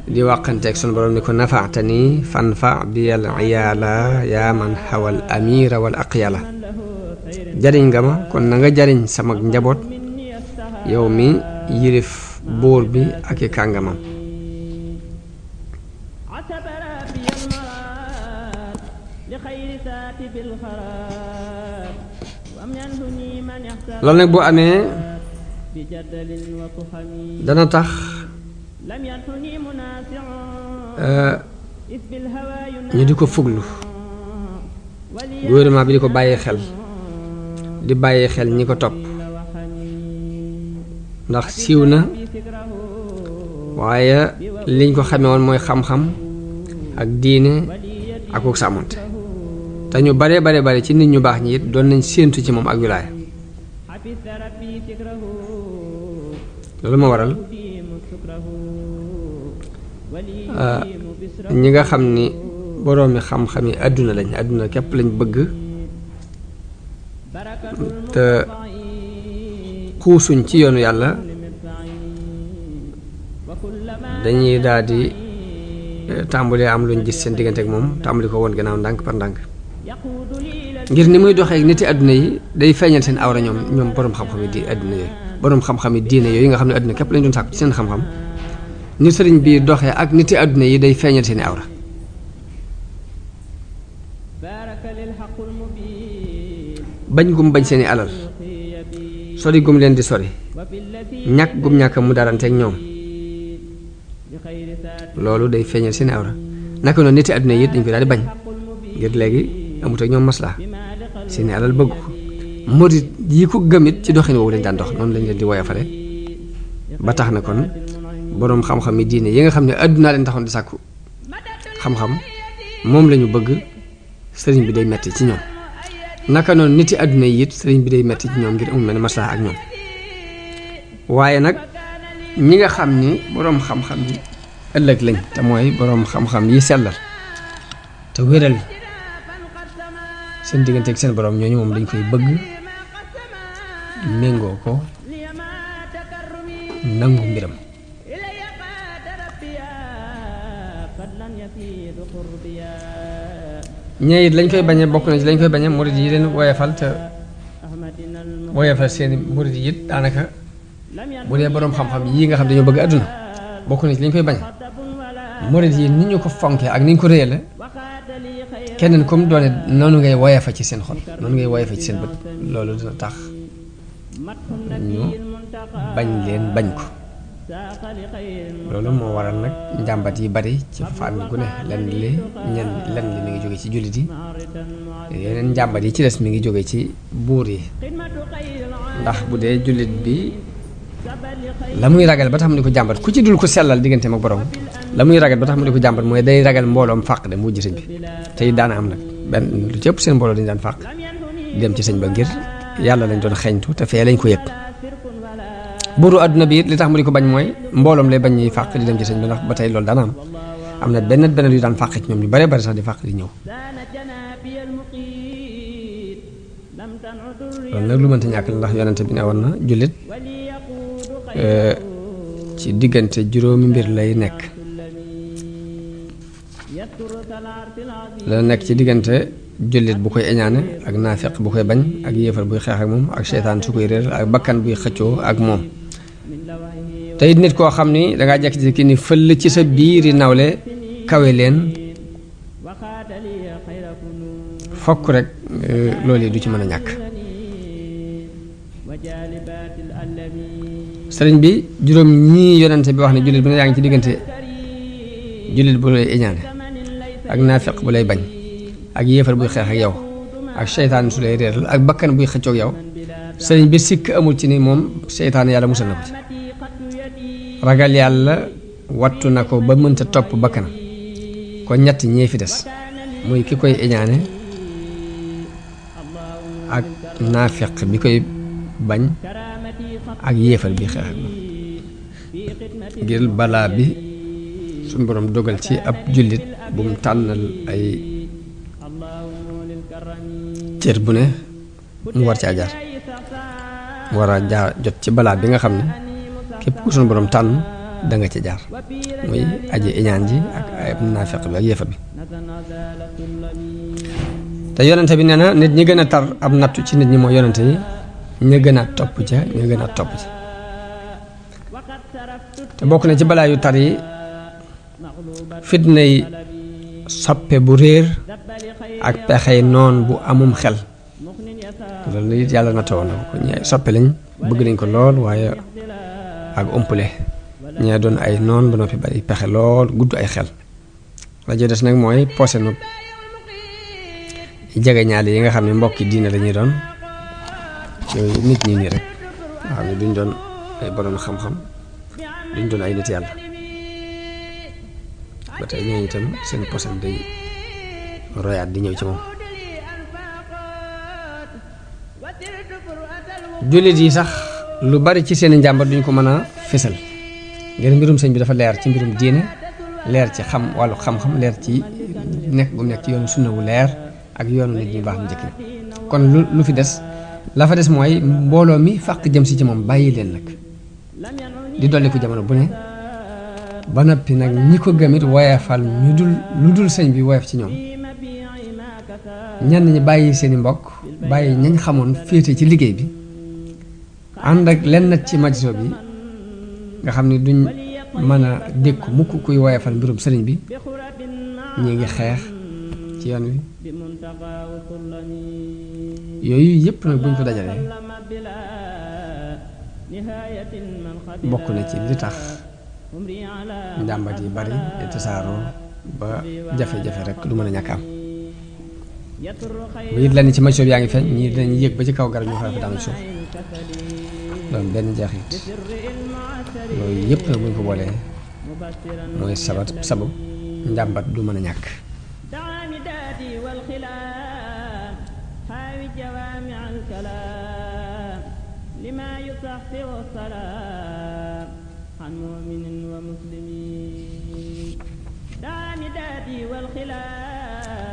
di waqante ak sun borom ni ko nafa'tani fanfa bi al iyala ya man hawal amira wal aqyala jariñ nga ma kon na nga jariñ sama njabot yow mi yirif bor bi ak i lan loolu bo bu dana tax ñi di ko fuglu gouvernement bi di ko bàyyi xel di bàyyi xel ñi ko topp ndax siiw na waaye liñ ko xamee woon mooy xam-xam ak diine ak ko sàmmonte te ñu bare bare bare ci nit ñu baax ñi doon nañ séentu ci moom ak wilaaya loolu ma ñi nga xam ni boroomi xam-xam yi àdduna lañ àdduna képp lañ bëgg te xuusuñ ci yoonu yàlla dañuy daal di eh, tàmbalee lu luñ gis seen diggante ak moom tàmbali ko woon gannaaw ndànk par ndànk ngir ni muy doxee niti àdduna yi day feeñal seen awra ñoom ñoom boroom xam-xam yi di àdduna yooyu boroom xam-xam yi diine yooyu nga xam ne àdduna képp lañ doon sàkku ci seen xam-xam ni sëriñ bi doxee ak niti àdduna yi day feeñal seeni awra bañ gum bañ seeni alal sori gum leen di sori ñàkk gum ñàkk mu daranteeg ñoom loolu day feeñal seeni awra naka noonu niti àdduna yi dañ ko daal di bañ ngir léegi amut ak ñoom maslaa seeni alal bëgg ko murit yi ko gëmit ci doxin woowu lañ daan dox noonu lañ leen di woyafale ba tax na kon boroom xam-xam yi diine yi nga xam ne àdduna leen taxoon di sàkku xam-xam moom lañu bëgg sëriñ bi day metti ci ñoom naka noonu nit yi àdduna yi it sëriñ bi day metti ci ñoom ngir amul mel ne maslaa ak ñoom waaye nag ñi nga xam ni boroom xam-xam yi ëllëg lañ te mooy boroom xam-xam yi sellal te wéral seen diggante ak seen boroom ñooñu moom dañ koy bëgg méngoo ko nangu mbiram ñee it lañ koy bañee bokk na ci lañ koy bañee murid yi leen woyefal te woyefal seeni murid yi it daanaka bu dee boroom xam-xam yii nga xam dañoo bëgg àdduna bokk na ci lañ koy bañee murid yi ni ñu ko fonkee ak ni ñu ko réyale keneen comme doone noonu ngay woyefa ci seen xol noonu ngay woyefa ci seen bët loolu dina tax ñu bañ leen bañ ko loolu moo waral nag njàmbat yi bari ci famille gu ne lenn li ñen lenn li mi ngi jóge ci jullit yi yeneen eh, njàmbat yi ci des mi ngi jóge ci buur yi ndax bu dee jullit bi la muy ragal ba tax mu di ko jàmbat ku ci dul ko sellal diggante mag borom la muy ragal ba tax mu di ko jàmbat mooy day ragal mbooloom fàq de mu sëñ bi tey daana am nag ben lu ci ëpp seen mbooloo dañ daan fàq dem ci sëñ ba ngir yàlla lañ doon xeñtu te fee lañ ko yëpp buuru àdduna bi li tax mu di ko bañ mooy mbooloom lay bañ ñuy fàq di dem ci sëñ bi ndax ba tey loolu daana am na benn benn yu daan fàq ci ñoom ñu bare bari sax di fàq di ñëw loolu nag lu mënta ñàkk la ndax yonente bi ne woon na jullit euh, ci diggante juróomi mbir lay nekk la nekk ci diggante jullit bu koy eñaane ak naafiq bu koy bañ ak yéefar buy xeex ak moom ak seytaan su koy réer ak bakkan buy xëccoo ak moom te nit koo xam ni dangaa jekki ki ni fëll ci sa biiri nawle kawe leen fokk rek euh, loolu du ci mën a ñàkk sëriñ bi juróom ñii yonente bi wax ne jullit bu ne yaa ngi ci diggante jullit bu lay iñaane ak naafiq bu lay bañ ak yéefar buy xeex ak yow ak seytaan su lay réeral ak bakkan buy xëccoog yow sëriñ bi sikk amul ci ni moom seytaan yàlla musal na ko ci ragal yàlla wattu na ko ba mënta topp bakkanam kon ñett ñee fi des muy ki koy iñaane ak naafiq bi koy bañ ak yéefar bi xeex ak moom ngir bi sun borom dogal ci ab jullit bu mu tànnal ay cër bu ne mu war ci jaar mu war a jot ci bala bi nga xam képp ku sunu borom tànn da nga ci jaar muy aji iñaan ji ak ay naafiq bi ak yefa bi te yonente bi nee na nit ñi gën a tar ab nattu ci nit ñi mooy yonente yi ñi gën a topp ca ña gën a topp ca te bokk na ci balaa yu tar yi fitna yi soppe bu réer ak pexey noon bu amum xel loolu it yàlla nattoo na ko ñi ay soppe lañ bëgg nañ ko lool waaye ak umpule ñee doon ay noon ba noppi bari pexe lool gudd ay xel la jo des nag mooy poosé nu jege yi nga xam ne mbokki diine la ñuy doon yooyu nit ñi nii rek waaw ne duñ doon ay borom xam-xam duñ doon ay nit yàlla ba tey ñooñu itam seen poosam day royaat di ñëw ci moom jullit yi sax lu bari ci seen i njàmbat duñ ko mën a fésal ngeen mbirum sëñ bi dafa leer ci mbirum diine leer ci xam wàllu xam-xam leer ci nekk gu nekk ci yoonu sunna wu leer ak yoonu nit ñu baax mu njëkk kon lu lu fi des lafa des mooy mbooloo mi fàq jëm si ci moom bàyyi leen nag di dolli ko jamono bu ne ba noppi nag ñi ko gëmit woyafal ñu dul lu dul sëñ bi woyaf ci ñoom ñenn ñi bàyyi seen i mbokk bàyyi ñañ xamoon féete ci liggéey bi ànd ak lenn ci majso bi nga xam ni duñ mën a dékk mukk kuy woyefal mbirum sëriñ bi ñu ngi xeex ci yoon wi yooyu yëpp nag buñ ko dajalee bokk na ci li tax njàmbat yi bari te tasaaroo ba jafe-jafe rek du mën a ñàkk am bu it lenn ci majso bi yaa ngi feeñ ñii dinañ yëg ba ci kaw garab ñu fa daanu suuf doon benn jeexit loolu yëpp nag buñ ko boolee mooy sabab njàmbat du mën a ñàkk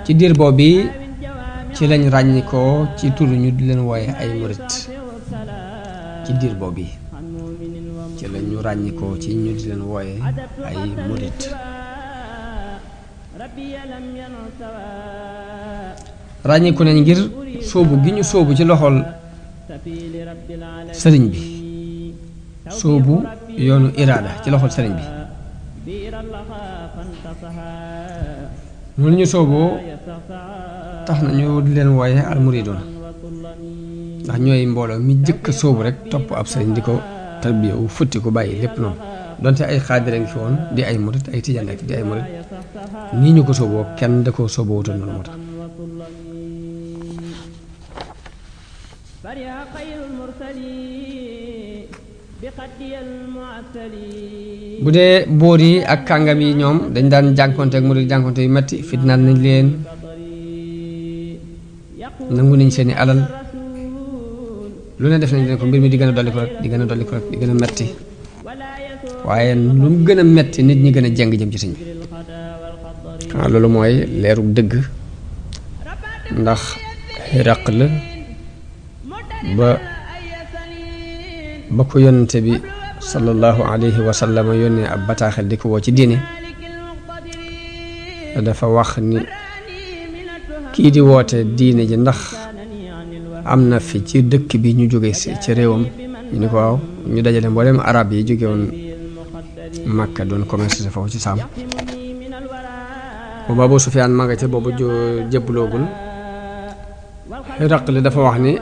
ci diir boobu ci lañ ràññikoo ci tur ñu di leen ay ci dir bobbi ci lañu ñu ràññikoo ci ñu di len woyé ay murit ràññiku neñ ngir sobu giñu sobu ci loxol sëriñ bi Sobu yoonu irada, ci loxol sëriñ bi noonu ñu sobu tax nañu di len woyé al muridun ndax ñooy mbooloo mi jëkk soobu rek topp ab sëriñ di ko tarbiya wu futti ko bàyyi lépp noonu donte ay xaadira ngi fi di ay murit ay tijaan rek di ay murit nii ñu ko sooboo kenn da koo sooboo wutoon noonu moo bu dee boor yi ak kàngam yi ñoom dañ daan jànkonte ak murit jànkonte yu metti fitnaat nañ leen nangu nañ seeni alal lu ne def nañ ko mbir mi di gën a dolli ko rek di gën a dolli ko rek di gën a metti waaye lu gën a metti nit ñi gën a jeng jëm ci sëñ bi xanaa loolu mooy leeru dëgg ndax xiraq la ba ba ko yonente bi sallallahu alayhi wa sallam yónnee ab bataaxel di ko woo ci diine dafa wax ni kii di woote diine ji ndax am na fi ci dëkk bi ñu jóge ci réewam ñu ni ko waaw ñu dajale mboolem arab yi jóge woon doon commerce faw ci Saam boobu Abu Sufyaan ma nga ca boobu jëbloogul Hiraql dafa wax ni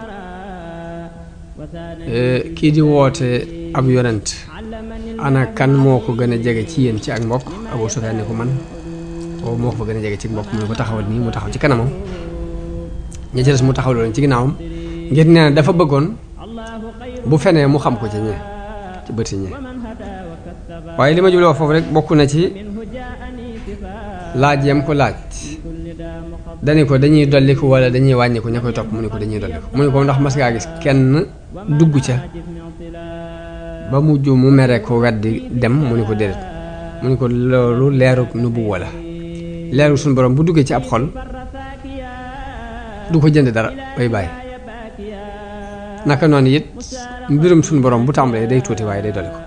eh, kii di woote ab yonent ana kan moo ko gën a jege ci yéen ci ak mbokk Abu Sufyaan ni ko man boobu oh, moo ko fa gën a jege ci mbokk mu ko taxawal nii mu taxaw ci kanamam ña ci mu taxawal leen ci ginnaawam ngir nee na dafa bëggoon bu fenee mu xam ko ci ñee ci bëti ñi waaye li ma jubloo foofu rek bokk na ci laaj yam ko laaj dani ko dañuy dolliku wala dañuy wàññiku ña koy topp mu ne ko dañuy dolliku mu ni ko ndax mas ngaa gis kenn dugg ca ba mujj mu mere ko weddi dem mu ni ko déedéet mu ni ko loolu leerug nubu wala leerug suñu borom bu duggee ci ab xol du ko jënd dara bay bàyyi naka noonu it mbirum suñu borom bu tàmbalee day tuuti waaye day dolli ko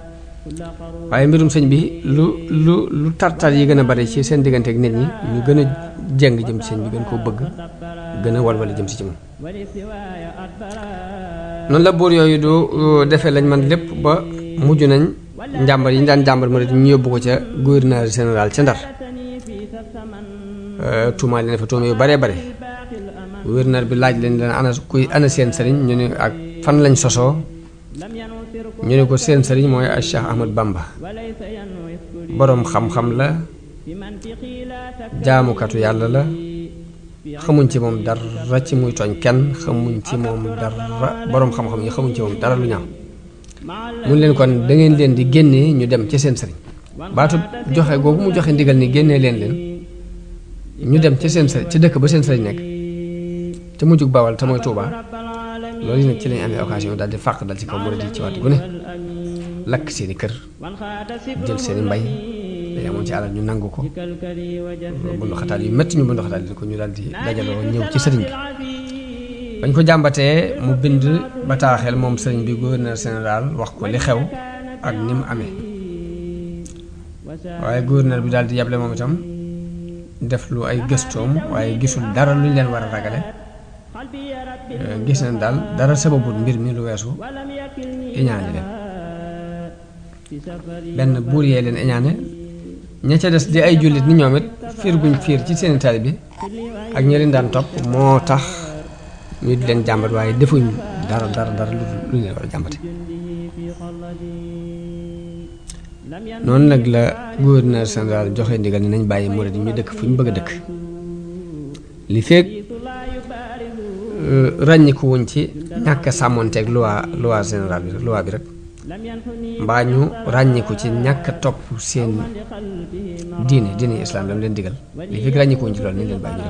waaye mbirum sëñ bi lu lu lu tartar yi gën a bari ci seen diggante ak nit ñi ñu gën a jeng jëm ci sëñ bi gën koo bëgg gën a walwale jëm si ci moom noonu la buur yooyu du defee lañ man lépp ba mujj nañ njàmbar yi ñu daan njàmbar ma ñu yóbbu ko ca gouverneur général ca Ndar euh, tuumaa leen fa tuuma yu baree bare gouverneur bi laaj leen leen ana kuy ana seen sëriñ ñu ne ak fan lañ sosoo ñu ne ko seen sëriñ mooy ay Cheikh Ahmad Bamba boroom xam-xam la jaamukatu yàlla la xamuñ ci moom dara ci muy tooñ kenn xamuñ ci moom dara boroom xam-xam yi xamuñ ci moom dara lu ñaaw mu leen kon dangeen leen di génnee ñu dem ci seen sëriñ baatu joxe googu mu joxe ndigal ni génnee leen leen ñu dem ci seen sëriñ ci dëkk ba seen sëriñ nekk te mujjug bawal te mooy Tuubaa loolu yi nag ci lañ amee occasion daal di fàq dal ci kaw murid yi ci waxtu gu ne lakk seeni kër jël seeni mbay dañ amoon ci alal ñu nangu ko bundu xataal yu métti ñu bundu xataal yi ko ñu daal di dajaloo ñëw ci sëriñ bi bañ ko jàmbatee mu bind bataaxeel moom sëriñ bi gouverneur général wax ko li xew ak ni mu amee waaye gouverneur bi daal di yable moom itam def lu ay gëstoom waaye gisul dara luñ leen war a ragale Eh, gis nañ daal dara sababut mbir mi lu weesu iñaane leen benn buur yee leen iñaane ña des di ay jullit ni ñoom it fiir guñ fiir ci seeni tali bi ak ñi leen daan topp moo tax ñu di leen jàmbat waaye defuñ dara dara dara lu ñu leen war a jàmbate noonu nag la gouverneur général joxe ndigal ni nañ bàyyi murid ñu dëkk fu ñu bëgg a dëkk li fekk Euh, ràññiku wuñ ci ñàkk a sàmmonteeg loi loi générale bi rek mbaa ñu ràññiku ci ñàkk a topp seen diine diine islam dam leen digal li fi ràññiku ci loolu ni leen bàyyi ñu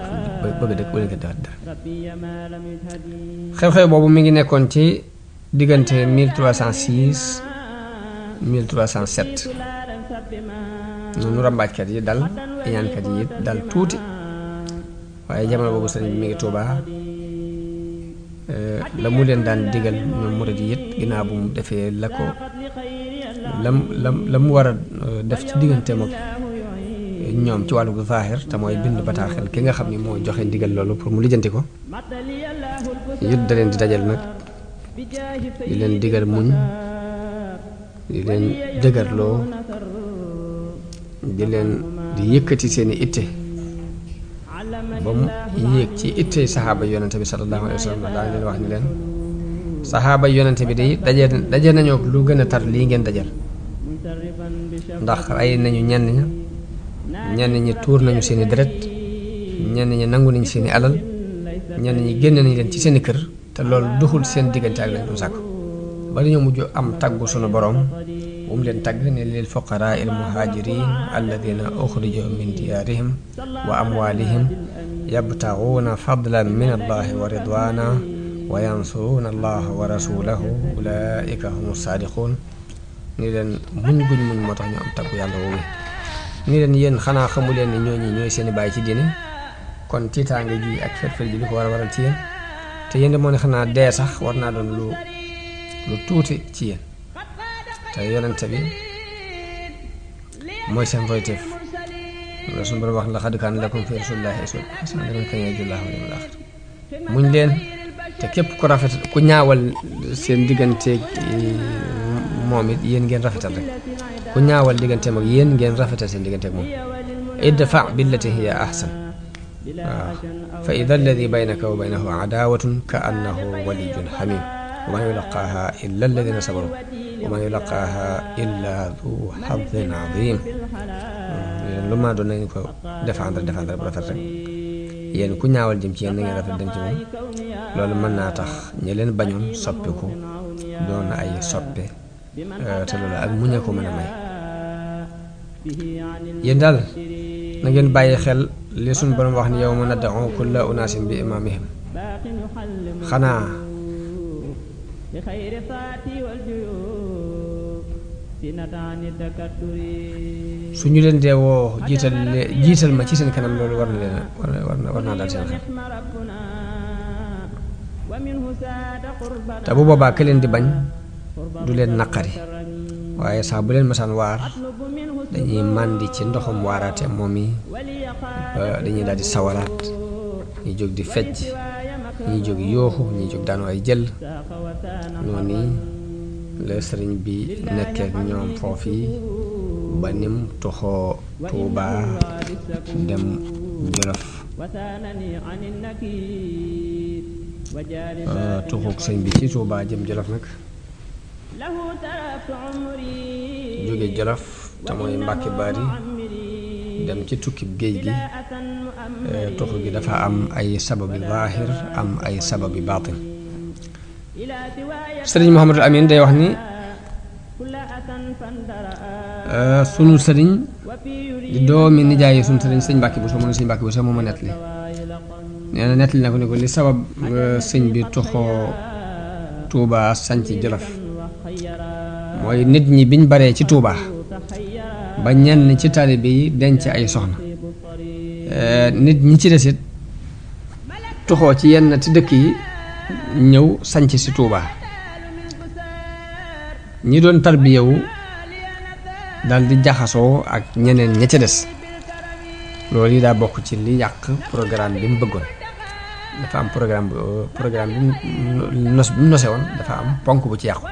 def boobu mi ngi nekkoon ci diggante 1306 1307 noonu ràmbaajkat yi dal iñaankat yi dal tuuti waaye jamono boobu sëriñ bi mi ngi Tuubaa la mu leen daan digal ñoom murid yi it ginnaaw bu mu defee la ko lam lam la mu war a def ci digganteem ak ñoom ci wàllu zaahir te mooy bind bataaxel ki nga xam ni moo joxe ndigal loolu pour mu lijjanti ko it da leen di dajal nag di leen digal muñ di leen dëgërloo di leen di yëkkati seeni itte ba mu yéeg ci ittey saxaaba yonente bi sallallahu alayhi wa sallam daa wax ni leen saxaaba yonente bi day daje daje nañoo lu gën a tar lii ngeen dajal ndax rey nañu ñenn ña ñenn ñi tuur nañu seeni deret ñenn ñi nangu nañu seeni alal ñenn ñi génn nañu leen ci seeni kër te loolu duxul seen diggante ak lañ doon sàkku ba dañoo mujj am tàggu sunu boroom bu leen tagg ne lil fuqaraa il muhaajiriin alladina uxrijo min diyaarihim wa amwaalihim yabtaxuuna fadlan min allahi wa ridwaana wa yansuruuna allaha wa rasulahu ulaika humu saadiquun ni leen muñ guñ muñ moo tax ñu am tagg yàlla leen yéen xanaa xamu leen ne ñooñu ñooy seeni bàyyi ci diine kon tiitaange ji ak ferfer ji li ko war a waral ci yéen te yéen de moo ne xanaa dee sax war naa doon lu tuuti ci yéen تايلان كان لكم في رسول الله من اسمع لكم كان يجي الله من الاخر مون من تا كيب كو رافيت كو من سين ديغانتي موميت يين غين من رك كو نياوال ديغانتي مك يين غين رافيتال سين ديغانتي مو ادفع بالتي هي احسن آه. فاذا الذي بينك وبينه عداوه كانه ولي حميم وما يلقاها الا الذين صبروا وما يلقاها إلا ذو حظ عظيم mm. lu maa doon na ngeen ko défendre défendre bu rafet rek yéen ku ñaawal jëm ci yéen na ngeen dem ci moom loolu mën naa tax ñi leen bañoon soppiku doon ay soppe eh, te loolu ak muñ a ko mën a may yéen daal na ngeen bàyyi xel li suñ borom wax ni yow mën a da'u kulla unaasin bi imaamihim xanaa su ñu leen dee woo jiital jiital ma ci seen kanam loolu war na leen war naa daal te bu boobaa di bañ du leen naqari waaye sax bu leen masaan waar ci ndoxum waaraate moom yi dañuy daal di sawaraat ñuy jóg di fecc ñu jóg yooxu ñuy jóg daanu jël noonu la sëriñ bi nekkee ak ñoom foofu ba nim toxoo Tuuba dem Jolof ah, euh, tuxuk sëñ bi ci Tuuba jëm Jolof nag jóge Jolof te mooy Mbàkke Baari dem ci tukki géej gi euh, tuxu gi dafa am ay sababi zaahir am ay sababi baatin sëriñ Mouhamadul Amin day wax ni euh, sunu sëriñ di doomi nijaayi sunu sëriñ sëñ Mbàkke Buso mënu sëñ Mbàkke Buso moom a nettali nee na nettali na ko ni ko li sabab euh, sëñ bi toxoo Touba sanc Jolof mooy nit ñi biñ baree ci Touba ba ñenn ci taalibe yi denc ay soxna euh, nit ñi ci desit toxoo ci yenn ci dëkk yi ñëw sanc si Touba ñi doon tarbiyewu daal di jaxasoo ak ñeneen ña ca des loolu yi daa bokk ci li yàq programme bi mu bëggoon dafa am programme bi mu nos nose woon dafa am ponk bu ci yàqu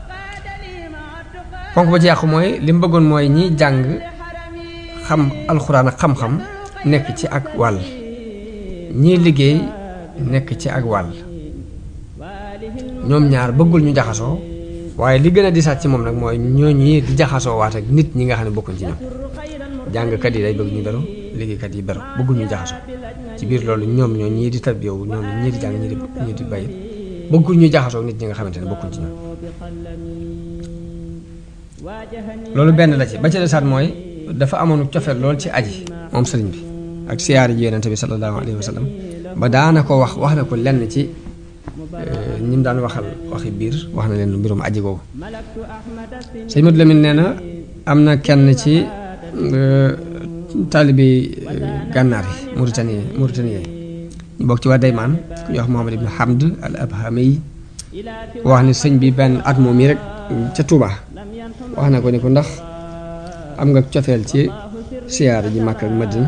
ponk bu ci yàqu mooy li mu bëggoon mooy ñiy jàng xam alxuraan ak xam-xam nekk ci ak wàll ñiy liggéey nekk ci ak wàll ñoom ñaar bëggul ñu jaxasoo waaye li gën a disaat ci moom nag mooy ñooñu di jaxasoo waat ak nit ñi nga xam ne bokkuñ ci ñoom jàngkat yi day bëgg ñu beru liggéeykat yi beru bëggul ñu jaxasoo ci biir loolu ñoom ñoo ñii di tarbiyawu ñoom ñii di jàng ñii di ñii di bay bëggul ñu jaxasoo nit ñi nga xamante ne bokkuñ ci ñoom loolu benn la ci ba ci desaat mooy dafa amoon cofeel lool ci aji moom sëriñ bi ak siyaari ji yonente bi sallallahu alayhi wa sallam ba daana Eh, ñi mu daan waxal waxi biir wax na leen lu mbirum aji googu sëñ Modou Lamine nee na am na kenn ci eh, taalibi eh, gànnaar yi Mauritanie Mauritanie ñu bokk ci waa Daymaan ku ñuy wax Mohamed Ibn Hamd al Abhami wax ne sëñ bi benn at moom yi rek ca Touba wax na ko ni ko ndax am nga cofeel ci siyaara ji Makka ak Madina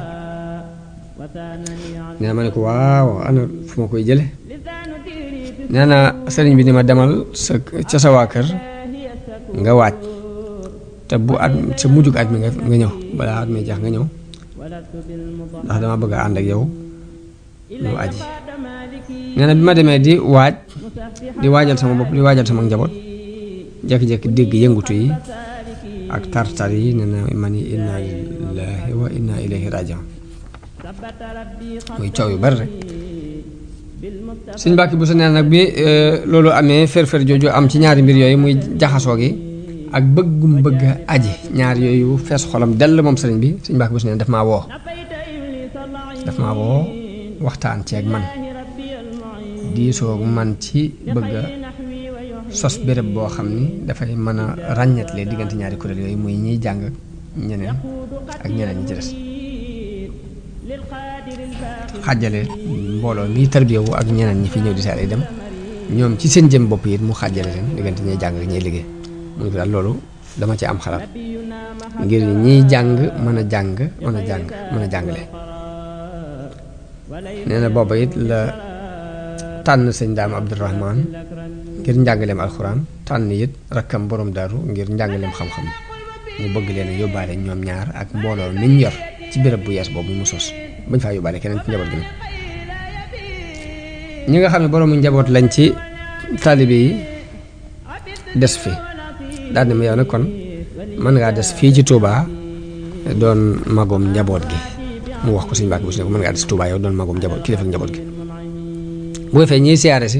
nee ma ne ko waaw ana fu ma koy jële nee na sëriñ bi ni ma demal sa ca sa waa kër nga waaj te bu at sa mujjug at mi nga nga ñëw balaa at mi jeex nga ñëw ndax dama bëgg ànd ak yow ñu aji nee na bi ma demee di waaj di waajal sama bopp di waajal sama njaboot jékki-jékki dégg yëngutu yi ak tartar yi nee na man yi inna lillahi wa inna ilayhi rajiun muy coow yu bari rek sëñ Mbàkke bu sa bi eh, loolu amee fer fer jooju am ci ñaari mbir yooyu muy jaxasoo gi ak bëggum bëgg aji ñaar yooyu fees xolam dell moom sëriñ bi suñ Mbàkke bu sa nee daf maa woo daf maa woo waxtaan ceeg man diisoo man ci bëgg sos béréb boo xam ni dafay mën a ràññatle diggante ñaari kuréel yooyu muy ñiy jàng ñeneen ak ñeneen ñi ci des xàjjale mbooloo mi tarbiyawu ak ñeneen ñi fi ñëw di ay dem ñoom ci seen jëm bopp it mu xàjjale leen diggante ñuy jàng ak ñuy liggéey mu ne ko daal loolu dama ci am xalaat ngir ñiy jàng mën a jàng mën a jàng mën a jàngale. nee na booba it la tànn sëñ daam Abdourahman ngir njàngaleem alxuraan tànn yit rakkam borom daaru ngir njàngaleem xam-xam mu bëgg leen yóbbaale ñoom ñaar ak mbooloo mi ñu yor ci béréb bu yees boobu mu sos. bañ faa yóbbaale keneen ci njaboot gi ñi nga xam ne boroomu njaboot lañ ci taalibe yi des fi daal ne ma yow nag kon mën ngaa des fii ci Touba doon magoom njaboot gi mu wax ko suñu bàkk bu si ne ko mën ngaa des Touba yow doon magoom njaboot kilifa njaboot gi bu ko fee ñiy siyaare si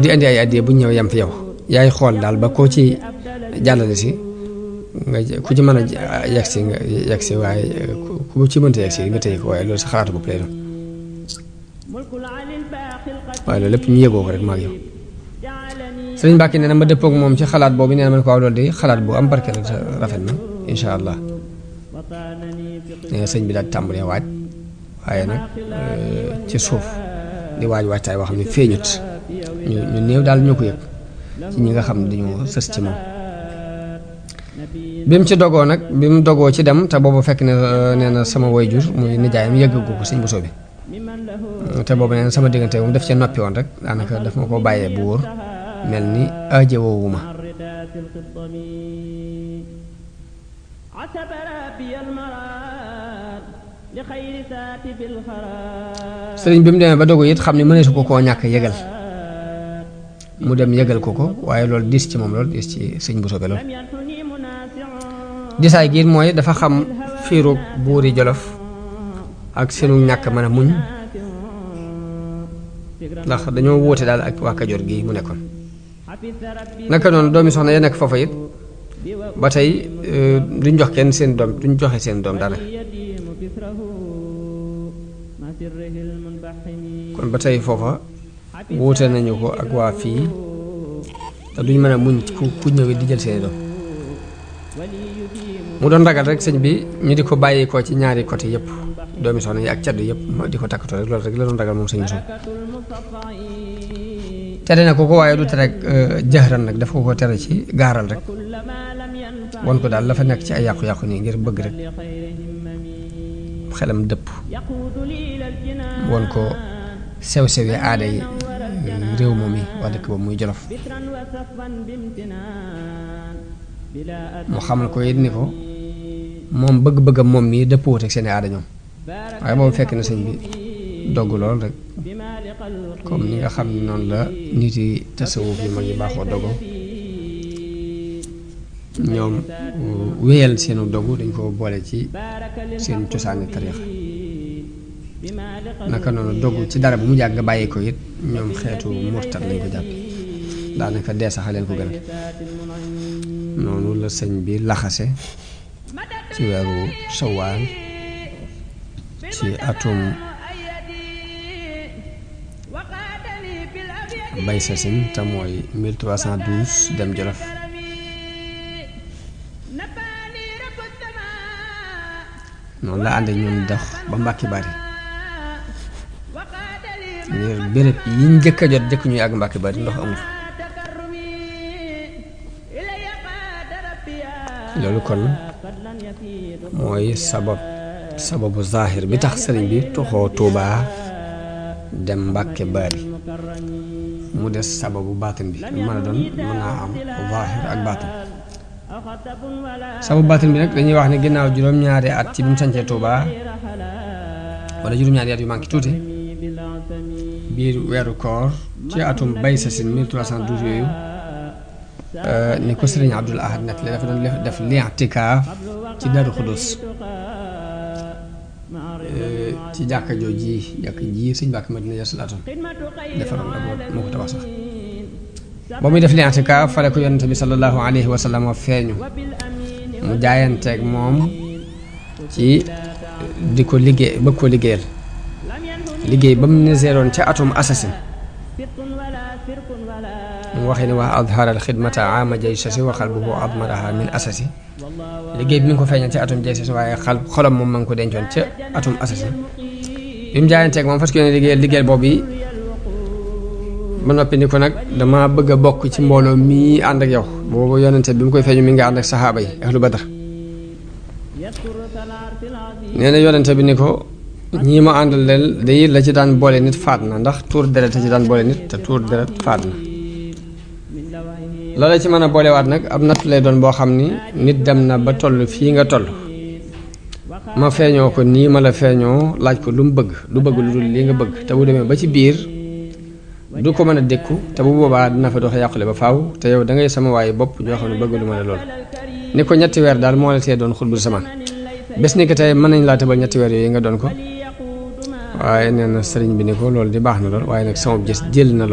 di andi ay addiya bu ñëw yam fi yow yaay xool daal ba koo ci jàllale si ku ci mën a yegg si waaye ku ci mënta yegg si nga téye ko waaye loolu sa xalaatu bopp lay doon waaye loolu lépp ñu yëgoo ko rek maa ngi yow sëriñ Mbàkke nee na ma dëppoog moom ci xalaat boobu nee ma ne ko waaw loolu de xalaat bu am barke la rafet na incha allah nee sëñ bi daal tàmbalee waaj waaye nag euh, ci suuf di waaj waajtaay boo xam ne feeñut ñu ñu néew daal ñoo ko yëg ci ñi nga xam ne dañoo sës ci moom bi mu ci dogoo nag bi mu dogoo ci dem te boobu fekk na eh, nee na sama wayjur muy nijaayam yëggagu ko sëñ Bousso bi te boobu nee na sama diggante moom daf cee woon rek daanaka daf ma bàyyee bu wóor ni aajowoowu ma sëriñ bi mu demee ba dogu it xam ne mëneesu ko koo ñàkk yëgal mu dem yëgal ko ko waaye loolu diis ci moom lool diis ci sëñ Bousso bi lool disaay gi mooy dafa xam fiiru buuri jolof ak seenu ñàkk mën a muñ ndax dañoo wóote daal ak waa Kajoor gi mu nekkoon naka noonu doomi soxna ya nekk foofa it ba tey euh, duñ jox kenn seen doom duñ joxe seen doom daanaka kon ba tey foofa wóote nañu ko ak waa fii te duñ mën a muñ ku ñëwee di jël seen doom mu doon ragal rek sëñ bi ñu di ko bàyyi ko ci ñaari côté yëpp doomi soxna yi ak caddu yëpp di ko takkatoo rek loolu rek la doon ragal moom sëñ bi tere na ko ko waaye du tere eh, jëxran nag daf ko ko tere ci gaaral rek won ko daal la nekk ci ay yàqu-yàqu nii ngir bëgg rek xelam dëpp won ko sew-sewi aada yi eh, réew moom yi wax dëkk ba muy jolof mu xamal ko it ni ko moom bëgg-bëggam bëgg moom mii dëppoo ak seen aada ñoom waaye boobu fekk na seen bi dogg lool rek comme ni nga xam ne noonu la nit yi tasawuf yu mag yi baaxoo dogo ñoom uh, wéyal seenu dogu dañ ko boole ci seen cosaani tariix naka noonu dogu ci dara bu mu jàgg nga ko it ñoom xeetu murtat lañ ko jàpp daanaka dee sax leen bi laxase ci weeru shawaal ci atum bay sasin te mooy dem Jolof noonu la ànd ak ñoom dox ba Mbàkke Bari ak Mbàkke Bari ndox amul loolu kon mooy sabab sababu zahir bi tax sëriñ bi toxoo tuubaa dem mbàkke baari mu des sababu baatin bi mën a doon mën naa am zahir ak baatin sababu baatin bi nag dañuy wax ni ginnaaw juróom-ñaari at ci bi mu sancee tuubaa wala juróom-ñaari at yu manqué tuuti biir weeru koor ci atum bay sa sin 1312 yooyu euh, ni ko sëriñ Abdul Ahad nag la dafa doon def li'tikaaf ci Daaru Xudoos eh, ci jàkka jooju ji jàkka ji sëñ Mbàkke Madina Yasal defaroon na boobu moo ko tabax ba muy def li antikaaf fale ko yonente bi sallallahu alayhi wa feeñu mu jaayanteeg moom ci di ko liggéey bëgg koo liggéeyal liggéey ba mu ne ca atum assasine waxin wax adhara al xidmata ama jaysasi wa qalbuhu admaraha min asasi liggéey bi mi ngi ko feeñal ci atum jaysasi waaye xal xolam moom ma ngi ko dencoon ca atum asasi bi mu jaayanteeg moom fas yéene liggéeyal liggéeyal boobu yi ba noppi ni ko nag dama bëgg a bokk ci mbooloo mii ànd ak yow boobu yonente bi mu koy feeñu mi nga ànd ak saxaaba yi ahlu badar nee na yonente bi ni ko ñii ma àndal leen day la ci daan boole nit faat na ndax tuur deret a ci daan boole nit te tuur deret faat na loola ci mën a boolewaat nag ab natt lay doon boo xam ni nit dem na ba toll fii nga toll ma feeñoo ko nii ma la feeñoo laaj ko lu mu bëgg lu bëgg lu dul lii nga bëgg te bu demee ba ci biir du ko mën a dékku te bu boobaa dina fa dox yàqule ba faaw te yow da ngay sama waaye bopp ñoo xam ne bëgg lu ma la lool ni ko ñetti weer daal moo la tee doon xutbul samaan bés ni ko tey mën nañ laa tëbal ñetti weer yooyu nga doon ko waaye neen na sëriñ bi ni ko loolu di baax na lool waaye nag sama gis jël na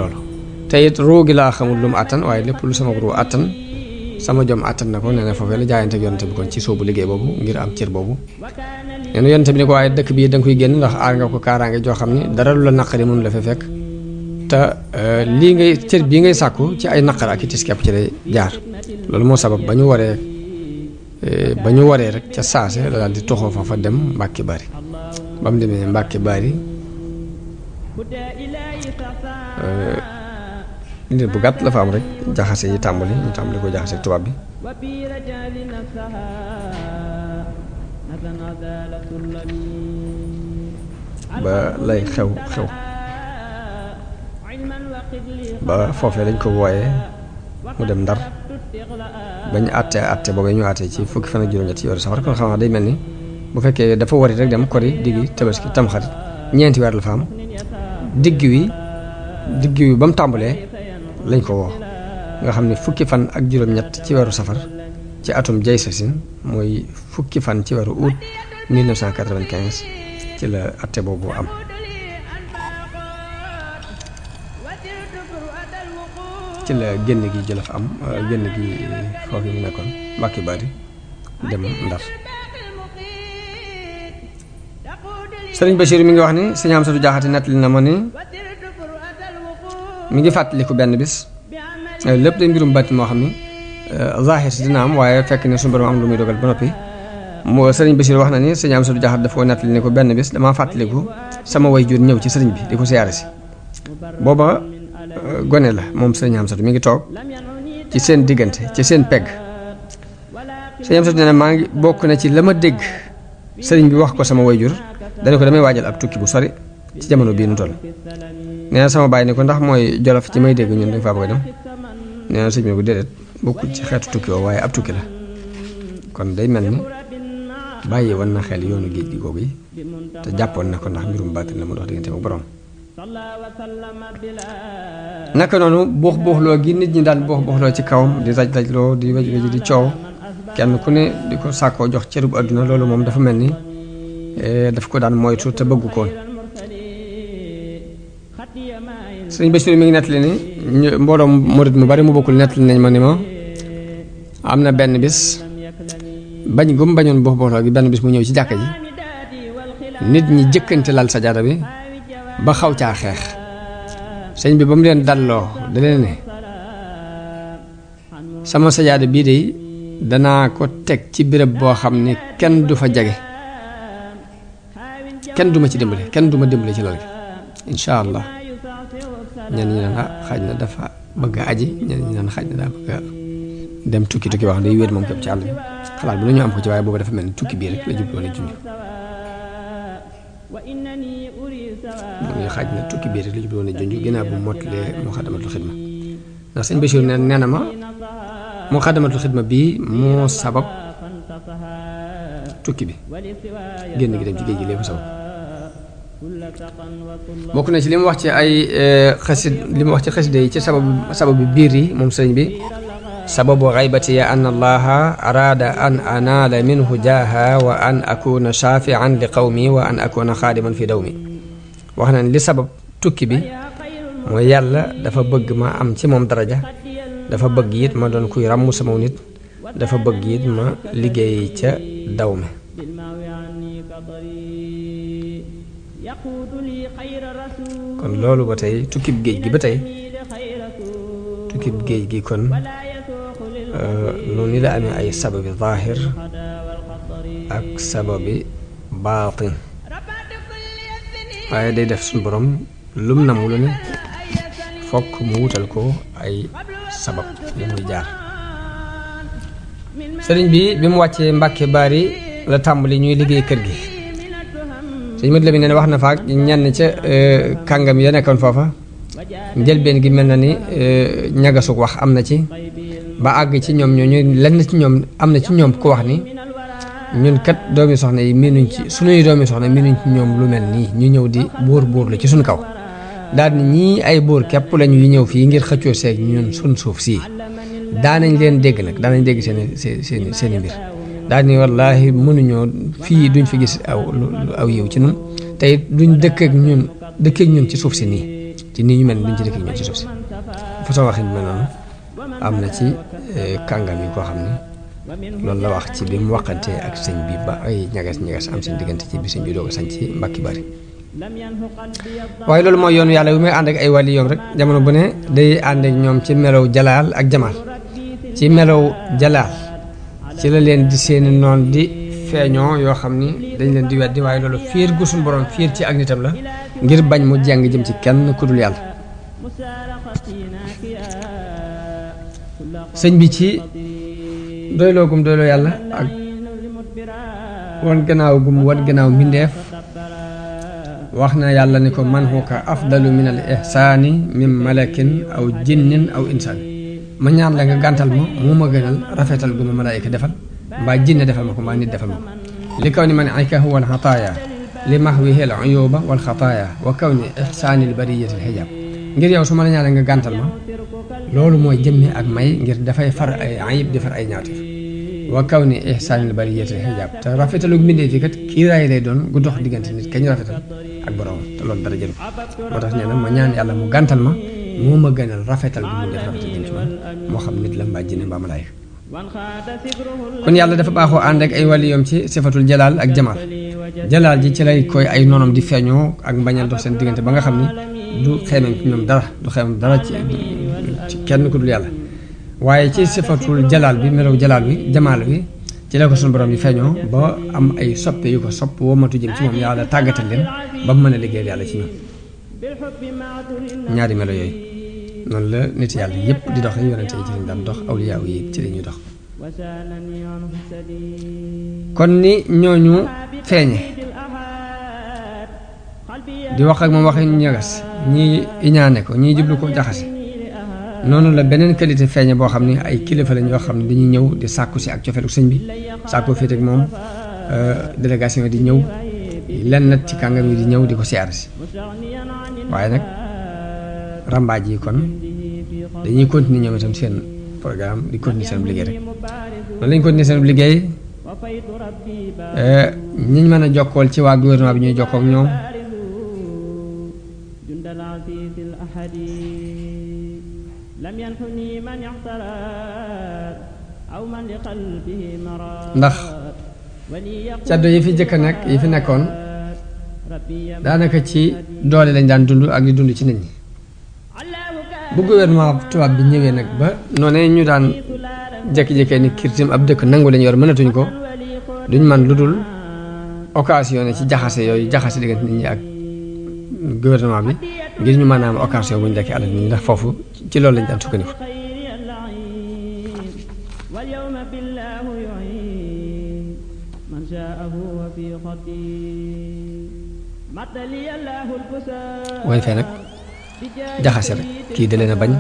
teyit ruu laa xamul lu àttan waaye lépp lu sama ruu àttan sama jom àttan na ko nee na foofee la jaayante ak yonte bi kon ci sóobu liggéey boobu ngir am cër boobu nee na yonte bi ni ko waaye dëkk bii danga koy génn ndax aar nga ko kaaraange joo xam ne dara lu la naqari mun la fa fekk te eh, lii ngay cër bii ngay sàkku ci ay naqar ak i tis kepp ci lay jaar loolu moo sabab ba ñu waree eh, ñu waree rek ca saase la daal di fa dem Mbàkke Bari ba mu demee Mbàkke Bari eh, indi bu gàtt la fa am rek jaxase yi tàmbali ñu tàmbali ko jaxase tubaab bi ba lay xew xew ba foofee lañ ko wooyee mu dem ndar bañ ñu àttee àtte boobee ñu àttee ci fukki fan ak juróom-ñetti yooru safar kon xam nga day mel ni bu fekkee dafa wari rek dem kori diggi tabaski tam xarit ñeenti weer la fa am digg wi digg wi ba mu tàmbalee lañ ko woo nga xam ne fukki fan ak juróom-ñett ci weeru safar ci atum jay sasin mooy fukki fan ci weeru août 1995 ci la atte boobu am ci la génn gi jëlaf am euh, génn gi foofu mu nekkoon mbàkki bari dem ndar sëriñ Bachir mi ngi wax ni sëñ Amsatu nettali na ni mi ngi fàttaliku benn bis euh, lépp de mbirum bàtti moo xam ni euh, zaahir si dina am waaye fekk ne suñu borom am lu muy dogal ba noppi moo sëriñ Bachir wax na ni sëñ Amsatu Jaxate dafa ko nettali ne ko benn bis damaa fàttaliku sama way jur ñëw ci sëriñ bi di ko siyaare si booba euh, gone la moom sëriñ Amsatu mi ngi toog ci seen diggante ci seen pegg sëñ Amsatu nee na maa ngi bokk na ci la ma dégg sëriñ bi wax ko sama way jur dana ko damay waajal ak tukki bu sori ci jamono bii nu toll nee na sama baay ni ko ndax mooy jolof ci may dégg ñun dañ faa bëgg a dem nee na sëñ bi ko déedéet bokkul ci xeetu tukki waaye ab tukki la kon day mel ni bàyyi woon na xel yoonu géej gi googu yi te jàppoon na ko ndax mbirum bàtt na ma dox diggante ak borom. naka noonu buux buuxloo gi nit ñi daan buux buuxloo ci kawam di laj lajloo di wej wej di coow kenn ku ne di ko sàkkoo jox cërub àdduna loolu moom dafa mel ni eh, daf ko daan moytu te bëggu koon sëñ Bachir mi ngi nettali ni ñu mbooloo murit mu bari mu bokkul nettali nañ ma ni ma am na benn bis bañ gum bañoon boo booloo gi benn bis mu ñëw ci jàkka ji nit ñi jëkkante lal sajaada bi ba xaw caa xeex sëñ bi ba mu leen dalloo da leen ne sama sajaada bii de danaa ko teg ci béréb boo xam ne kenn du fa jege kenn du ma ci dimbale kenn du ma dimbale ci lal gi incha allah ñenn ñi na ah xaj na dafa bëgg a aji ñenn ñi naan xaj na daa bëgg dem tukki tukki wax xam ne day wéet moom képp ci àll bi xalaat bi la ñu am ko ci waaye boobu dafa mel ni tukki bii rek la jubloon a junj mu xaj na tukki bii rek la jubloon a junj ginnaaw bu mottalee muxaddamatul xidma ndax sëñ Bachir ne nee na ma muxaddamatul xidma bii moo sabab tukki bi génn gi dem ci géej gi lépp sabab bokk na ci li mu wax ci ay eh, xasid li mu wax ci xasida yi ci sababu biir yi moom sëriñ bi sababu xaybati ya an allaha araada an anaala minhu jaaha wa an akuna shaafian li qawmi wa an akuna xaadiman fi dawmi wax na li sabab tukki bi mooy yàlla dafa bëgg ma am ci moom daraja dafa bëgg it ma doon kuy ràmm sama nit dafa bëgg it ma liggéey ca daw mi kon loolu ba tey tukkib géej gi ba tey tukkib géej gi kon euh, noonu la amee ay sababi zaahir ak sababi baatin waaye day def suñu borom lum na mu lu ne fokk mu wutal ko ay sabab yu muy jaar sëriñ bi bi mu wàccee Mbàkke Baari la tàmbali ñuy liggéey kër gi sëñ Modou Lamine ne wax na faak ñenn ca e, kàngam ya nekkoon foofa njëlbeen gi mel na ni e, ñagasug wax am na ci ba àgg ci ñoom ñooñu lenn ci ñoom am na ci ñoom ku wax ni ñun kat doomi soxna yi miinuñ ci suñuy doomi soxna miinuñ ci ñoom lu mel nii ñu ñëw di buur buur la ci suñu kaw daal ni ñii ay buur képp lañu ñëw fii ngir xëccoo seeg ñun suñ suuf sii daanañ leen dégg nag daanañ dégg seen seeni seen i mbir daal ni wallaahi mënuñoo fii duñ fi gis aw aw yiw ci ñun tey duñ dëkk ak ñun dëkk ak ñun ci suuf si nii ci nii ñu mel duñ ci dëkk ak ñun ci suuf si façon waxin mel am na ci eh, kàngam yi koo xam ne loolu la wax ci bi mu waxantee ak sëñ bi ba ay ñagas ñagas am seen diggante ci bi sëñ bi doog sañ ci mbàkki bari waaye loolu mooy yoon yàlla bi muy ànd ak ay wàlli yoom rek jamono bu ne day ànd ak ñoom ci melow jalaal ak jamaal ci melow jalaal ci la leen di seeni noon di feeñoo yoo xam ni dañ leen di weddi waaye loolu fiir gu suñ fiir ci ak nitam la ngir bañ mu jàng jëm ci kenn ku dul yàlla sëñ bi ci doyloo gum doyloo yàlla ak wan gannaaw gum wan gannaaw mbindeef wax na yàlla ni ko man huka afdalu min al ihsaani malakin aw jinnin aw insaan ma ñaan la nga gàntal ma mu ma gënal rafetal gu ma malaayika defal mbaa jinne defal ma ko mbaa nit defal ma ko li kaw ni ma man aykahu wal xataaya li max wi xel uyuba wal xataaya wa kaw ni ixsaanil bariyati xijaab ngir yow su ma la ñaan la nga gàntal ma loolu mooy jëm ni ak may ngir dafay far ay ayib di far ay ñaawteef wa kaw ni ixsaanil bariyati xijaab te rafetalu mbindee fi kat kiiraay lay doon gu dox diggante nit kañ rafetal ak borom te loolu dara jël ko moo tax nee na mu gàntal ma moo rafetal moo xam nit la mbaa jinne mbaa malaay kon yàlla dafa baaxoo ànd ak ay waliyoom ci sifatul jalaal ak jamaal jalaal ji ci lay koy ay noonam di feeñoo ak mbañal dox seen diggante ba nga xam ni du xeemeem ci ñoom dara du xeemeem dara ci kenn ku dul yàlla waaye ci sifatul jalaal bi melaw jalaal bi jamaal bi ci la ko suñu borom yi feeñoo ba am ay soppe yu ko sopp womatu jëm ci moom yàlla tàggatal leen ba mu mën a liggéeyal yàlla ci ñoom ñaari melo yooyu noonu la nit yàlla yëpp di dox yonente yi ci lañ daan dox awliyaaw yi ci la ñuy dox kon ni ñooñu feeñe di wax ak moom waxi ñagas ñii iñaane ko ñii jublu ko jaxase noonu la beneen qualité feeñe boo xam ne ay kilifa lañ yoo xam ne dañuy ñëw di sàkku si ak cofeelu sëñ bi sàkku féete ak moom euh, délégation di ñëw lenn ci kàngam yi di ñëw di ko siyaar si waaye nag rambaaj yi kon dañuy continuer ñoom itam seen programme di continuer seen liggéey rek noonu lañ continuer seen liggéey eh, ñiñ mën a jokkool ci waa gouvernement bi ñuy jokkoo ak ñoom ndax caddo yi fi jëkk nekk yi fi nekkoon daanaka ci doole lañ daan dund ak di dund ci nit ñi bu gouvernement tubaab bi ñëwee nag ba noonee ñu daan jékki-jékkee ni kirtim ab dëkk nangu lañu yor mënatuñ ko duñ man lu dul occasion ne ci jaxase yooyu jaxase diggante nit ñi ak gouvernement bi ngir ñu maanaam occasion bu ñu dekkee alal nit ñi ndax foofu ci loolu lañ daan sukkandiku way fee nag jaxase rek kii da leen bañ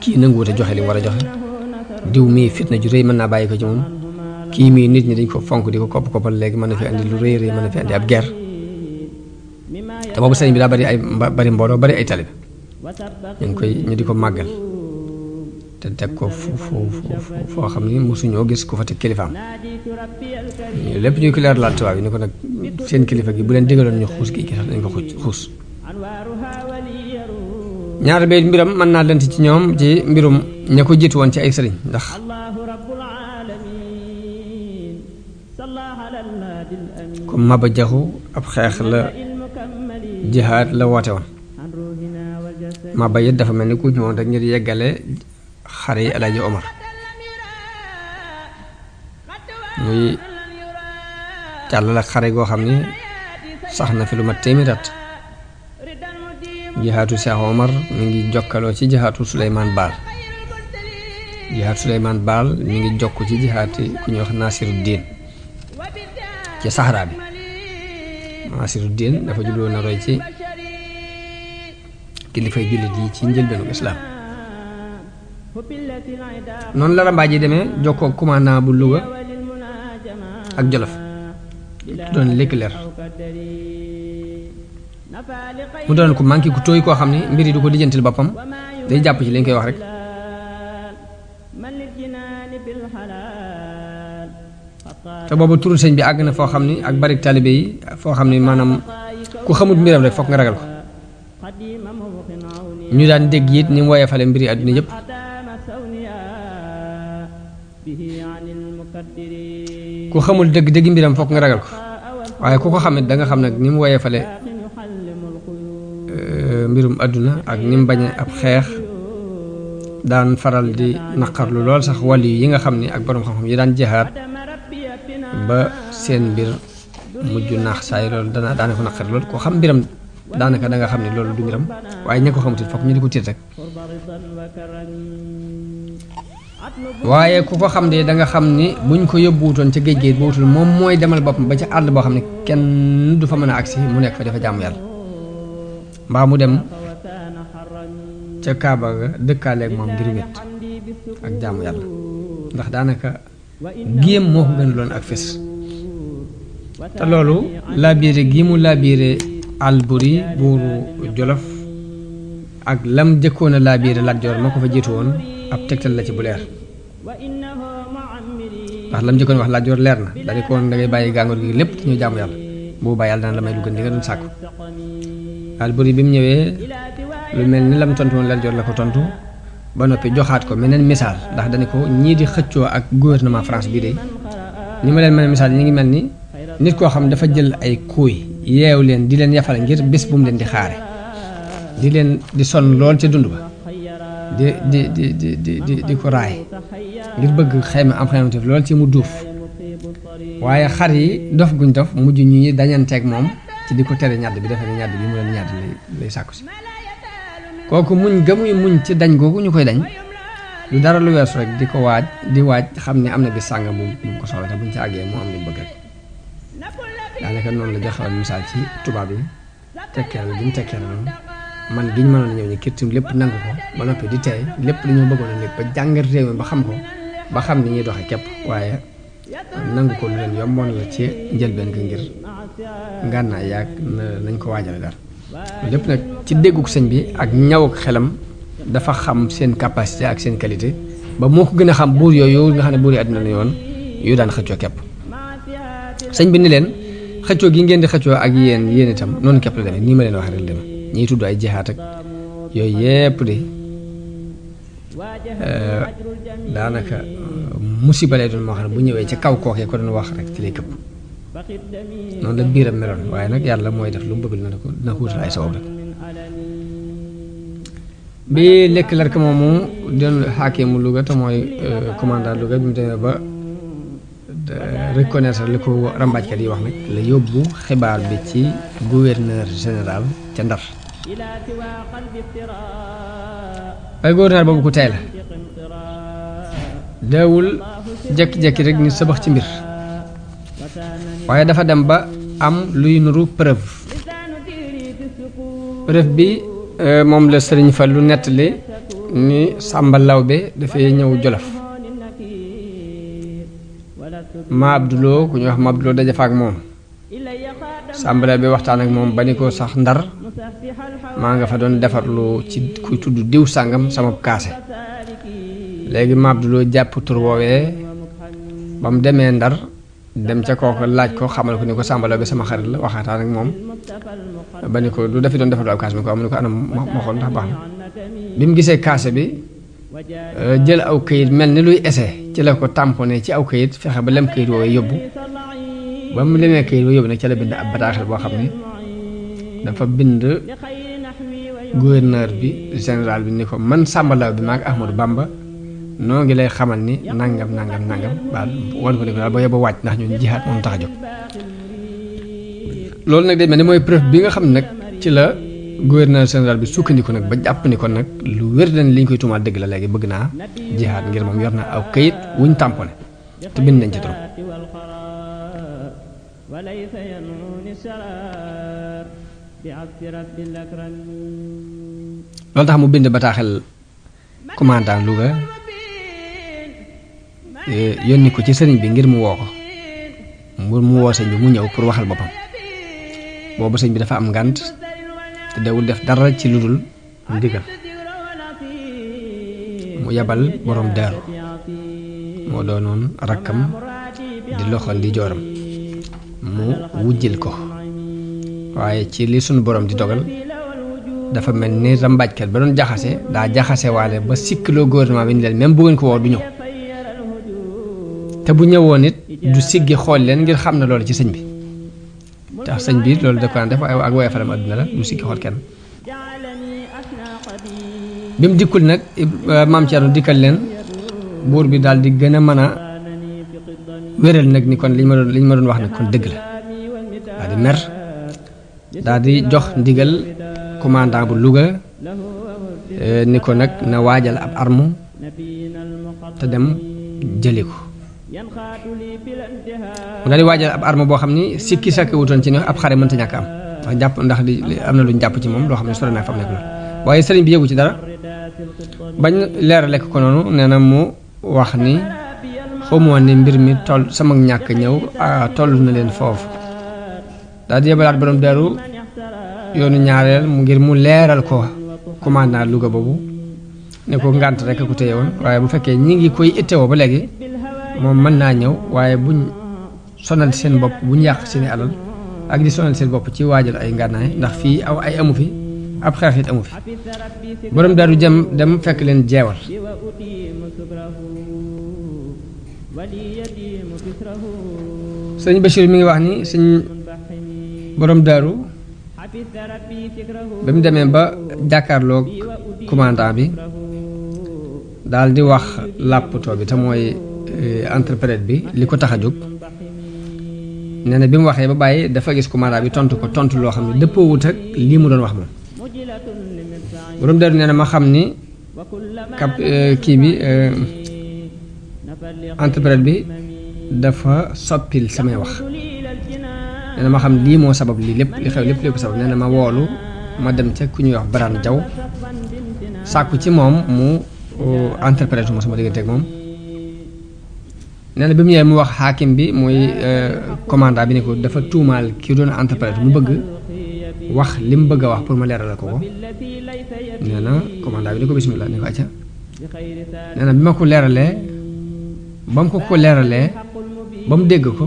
kii nanguwut a joxe li war a joxe diw mii fitna ju rëy mën naa bàyyi ko ci moom kii mii nit ñi dañ ko fonk di ko kopp koppal léegi mën na fi andi lu rëy rëy mën na fi andi ab guerre te boobu sëriñ bi daa bari ay bari bari ay talib ñu koy ñu di ko te teg ko foo xam ni mosuñoo gis ku fa teg lépp ñuy ko leer ko nag seen kilifa gi bu leen digaloon ñu xuus gi gi dañ ko xuus xuus ñaata bayit mbiram mën naa lent ci ñoom ci mbirum ña ko jiitu woon ci ay sëriñ ndax comme Maba Jaxu ab xeex la jihaad la woote woon Maba it dafa mel ni ku ñëwoon rek ngir yeggale xare yi Alaaji Omar muy jàll la xare goo xam ni sax na fi lu mat téeméer jihaatu Cheikh Omar mi ngi jokkaloo ci jihaatu Souleymane Baal jihaat Souleymane Baal mi ngi jokk ci jihaati ku ñuy wax Diin ci Sahara bi Nasiru Diin dafa jubloon na roy ci kilifay jullit yi ci njëlbeenu islaam noonu la rambaaj demee jokkoo commandant bu Louga ak Jolof doon Leclerc mu doon ko manqué ku tooy koo xam ne mbir yi du ko lijjantil boppam day jàpp ci li koy wax rek te boobu turu sëñ bi àgg na foo xam ni ak bari taalibe yi foo xam ni maanaam ku xamut mbiram rek foog nga ragal ko ñu daan dégg it ni mu woyee fale mbiri àdduna yëpp ku xamul dëgg dëgg mbiram foog nga ragal ko waaye ku ko xamit da nga xam ne ni mu woyee fale mbirum aduna ak nim bañe ab xex daan faral di naqarlu lol sax wali yi nga xamni ak borom xam-xam yi daan jihad ba seen mbir mujj nax say lol dana daana ko naqar lool ko xam mbiram ka da nga xamni lol du mbiram waye ña ko xamutit fokk ñu diko ko rek waye ku ko xam de da nga xamni buñ ko ci geejgeet bootul mom moy demal bopam ba ci àll bo xamni kenn du fa mëna aksi mu nekk fa dafa jamm yalla mbaa mu dem ca Kaaba ga dëkkaaleeg moom ngir wét ak jaamu yàlla ndax daanaka géem moo ko gën ak fes te loolu laabiire gii mu laabiire Alburi buuru Jolof ak lam jëkkoon a laabiire Lat Joor moo ko fa jiitu woon ab tegtal la ci bu leer ndax lam jëkkoon wax Lat Joor leer na dañu ko woon da ngay bàyyi gàngoor gi lépp ñu jaamu yàlla bu yàlla daan la may lu gën di nga sàkku Alburi bi mu ñëwee lu mel ni lam tontu woon Lat Joor la ko tontu ba noppi joxaat ko meneen misaal ndax dañu ko ñii di xëccoo ak gouvernement France bii de ni ma leen mën a misaal ñi ngi mel ni nit koo xam dafa jël ay kuuy yeew leen di leen yafal ngir bés bu mu leen di xaare di leen di sonn lool ci dund ba di di di di di di ko raay ngir bëgg xayma am xaymatif lool ci mu duuf waaye xar yi dof guñ dof mujj ñu dañanteeg moom ci di ko tere ñàdd bi defe ne ñàdd bi mu leen ñàdd lay lay sàkku si kooku muñ gëmuy muñ ci dañ googu ñu koy dañ lu dara lu weer su rek di ko waaj di waaj xam ne am na bi sàngam bu mu ko soxla te buñ ci àggee mu am lu bëgg rek daanaka noonu la joxewal misaal ci tubaab yi tekkee la duñ tekkee noonu man mënoon ñëw ñu kirtim lépp nangu ko ba noppi di tey lépp li ñu bëggoon a nekk ba réew mi ba xam ko ba xam ni ñuy doxee képp waaye nangu ko lu leen yomboon la ci njëlbeen gi ngir ngana yak nañ ko wajal dal lepp nak ci dégguk señ bi ak ak xelam dafa xam seen capacité ak seen qualité ba moko gëna gën a xam buur yooyu nga xam buri aduna la yoon yu daan xëccoo kep señ bi ni len xëccoo gi ngeen di xëccoo ak yeen yeen itam non kep la demee nii ma len wax rek dem ñi tuddu ay jihad ak yoy yépp de euh, daanaka musiba lay mo xam bu ñëwé ci kaw kookee ko doon wax rek ci lay noonu la biiram meloon waaye nag yàlla mooy def lu mu bëgg na ko dina ko wutal ay sabab rek bi lekk lark moomu doon xaakimu Louga te mooy commandant Louga bi mu demee ba reconnaître li ko rambaajkat yi wax nag la yóbbu xibaar bi ci gouverneur général ca Ndar waaye gouverneur boobu ku tey la daawul jekki-jekki rek ni sabax ci mbir waaye dafa dem ba am luy nuru preuve preuve bi euh, moom la sëriñ fa lu nettali ni Sàmba be dafay ñëw Jolof ma abdulo ku ñu wax ma Abduloo dajafa ak moom Sàmba Lawbe waxtaan ak moom ba ko sax Ndar maa nga fa doon lu ci kuy tudd diw sàngam sama kaase léegi ma abdulo jàpp tur woowee ba mu demee Ndar dem ca kooku laaj ko xamal ko ni ko sàmbalaw bi sama xarit la waxaataan ak moom ba ni ko lu dafi doon defal aw kaas bi ko am ni ko anam ma xool ndax baax na bi mu gisee kaase bi euh, jël aw kayit mel ni luy essai ci la ko tamponné ci aw kayit fexe ba lem kayit woowee yóbbu ba mu lemee kayit woowee yóbbu nag ci la bind ab bataaxel boo xam ne dafa bind gouverneur bi général bi ni ko man sàmbalaw bi maag Ahmadou Bamba noo ngi lay xamal ni nangam nangam nangam ba won ko ne ba yóbbu wacc ndax ñun jihad moom taxaju a jóg loolu nag day mel ne mooy preuve bi nga xam nag ci la gouverneur général bi sukkandiku nag ba jàpp ni ko nag lu wér dañ liñ koy tuumaal dëgg la léegi bëgg naa jihaat ngir moom yor na aw kayit wuñ tamponé te bind nañ ci trop وليس tax mu bind ba الأكرم commandant Louga Eh, yónni ko ci sëriñ bi ngir mu woo ko mu mu woo sëñ bi mu ñëw pour waxal boppam boobu sëñ bi dafa am ngànt te dawul def dara ci lu dul ndigal mu yabal borom daaru moo doonoon rakkam di loxo di jooram mu wujjil ko waaye ci li sunu borom di dogal dafa mel ni rambaajkat ba doon jaxase daa jaxase waale ba sikk loo gouvernement bi ni leen même bu ngeen ko woo du ñëw te bu ñëwoon it du siggi xool leen ngir xam na loolu ci sëñ bi tax sëñ bi loolu da ko daan def waaye ak woyofalam àdduna la du siggi xool kenn bi mu dikkul nag maam Thierno dikkal leen buur bi daal di gën a mën a wéral nag ni kon liñ ma doon ma doon wax nag kon dëgg la daal di mer daal di jox ndigal commandant bu Louga eh, ni ko nag na waajal ab arme te dem jëli ko mu daal di waajal ab arme boo xam ni sikki sàkk wutoon ci ne ab xare mënta ñàkk am ndax jàpp ndax li am na lu jàpp ci moom loo xam ne sore naa fam mu nekk la waaye sëriñ bi yëgu ci dara bañ ko noonu nee na mu wax ni xamoon ni mbir mi toll sama ñàkk ñëw toll na leen foofu daal di yebalaat borom daru yoonu ñaareel mu ngir mu leeral ko commandant Louga boobu ne ko ngànt rekk ko téye woon waaye bu fekkee ñi ngi koy ittewoo ba léegi moom mën naa ñëw waaye buñ sonal seen bopp buñ yàq seeni alal ak di sonal seen bopp ci waajal ay ngànnaay ndax fii aw ay amu fi ab xeex it amu fi borom daaru jëm dem fekk leen jeewal sëñ mi ngi wax ni sëñ boroom daaru ba mu demee ba jàkkaarlook commandant bi daal di wax làppatoo bi te mooy Euh, entrepreneur bi li ko tax a jóg nee na bi mu waxee ba bàyyi dafa gis kumara bi tontu ko tontu loo xam ne dëppoowut ak lii mu doon wax moom borom daru nee ma xam ni cap euh, kii bi euh, entrepreneur bi dafa soppil samay wax nee na ma xam lii moo sabab lii lépp li xew lépp lépp sabab nee na ma woolu ma dem ca ku ñuy wax Baraan Jaw sàkku ci moom mu entrepreneur ma sama diggante ak moom nee na bi mu ñëwee mu wax xaakim bi muy ah, euh, commandant bi ne ko dafa tuumaal ki doon interprète mu bëgg wax li mu bëgg a wax pour ma leeralal ko ko nee na commandant bi ne ko bisimilah ma ko leeralee ba mu ko ko leeralee ba mu dégg ko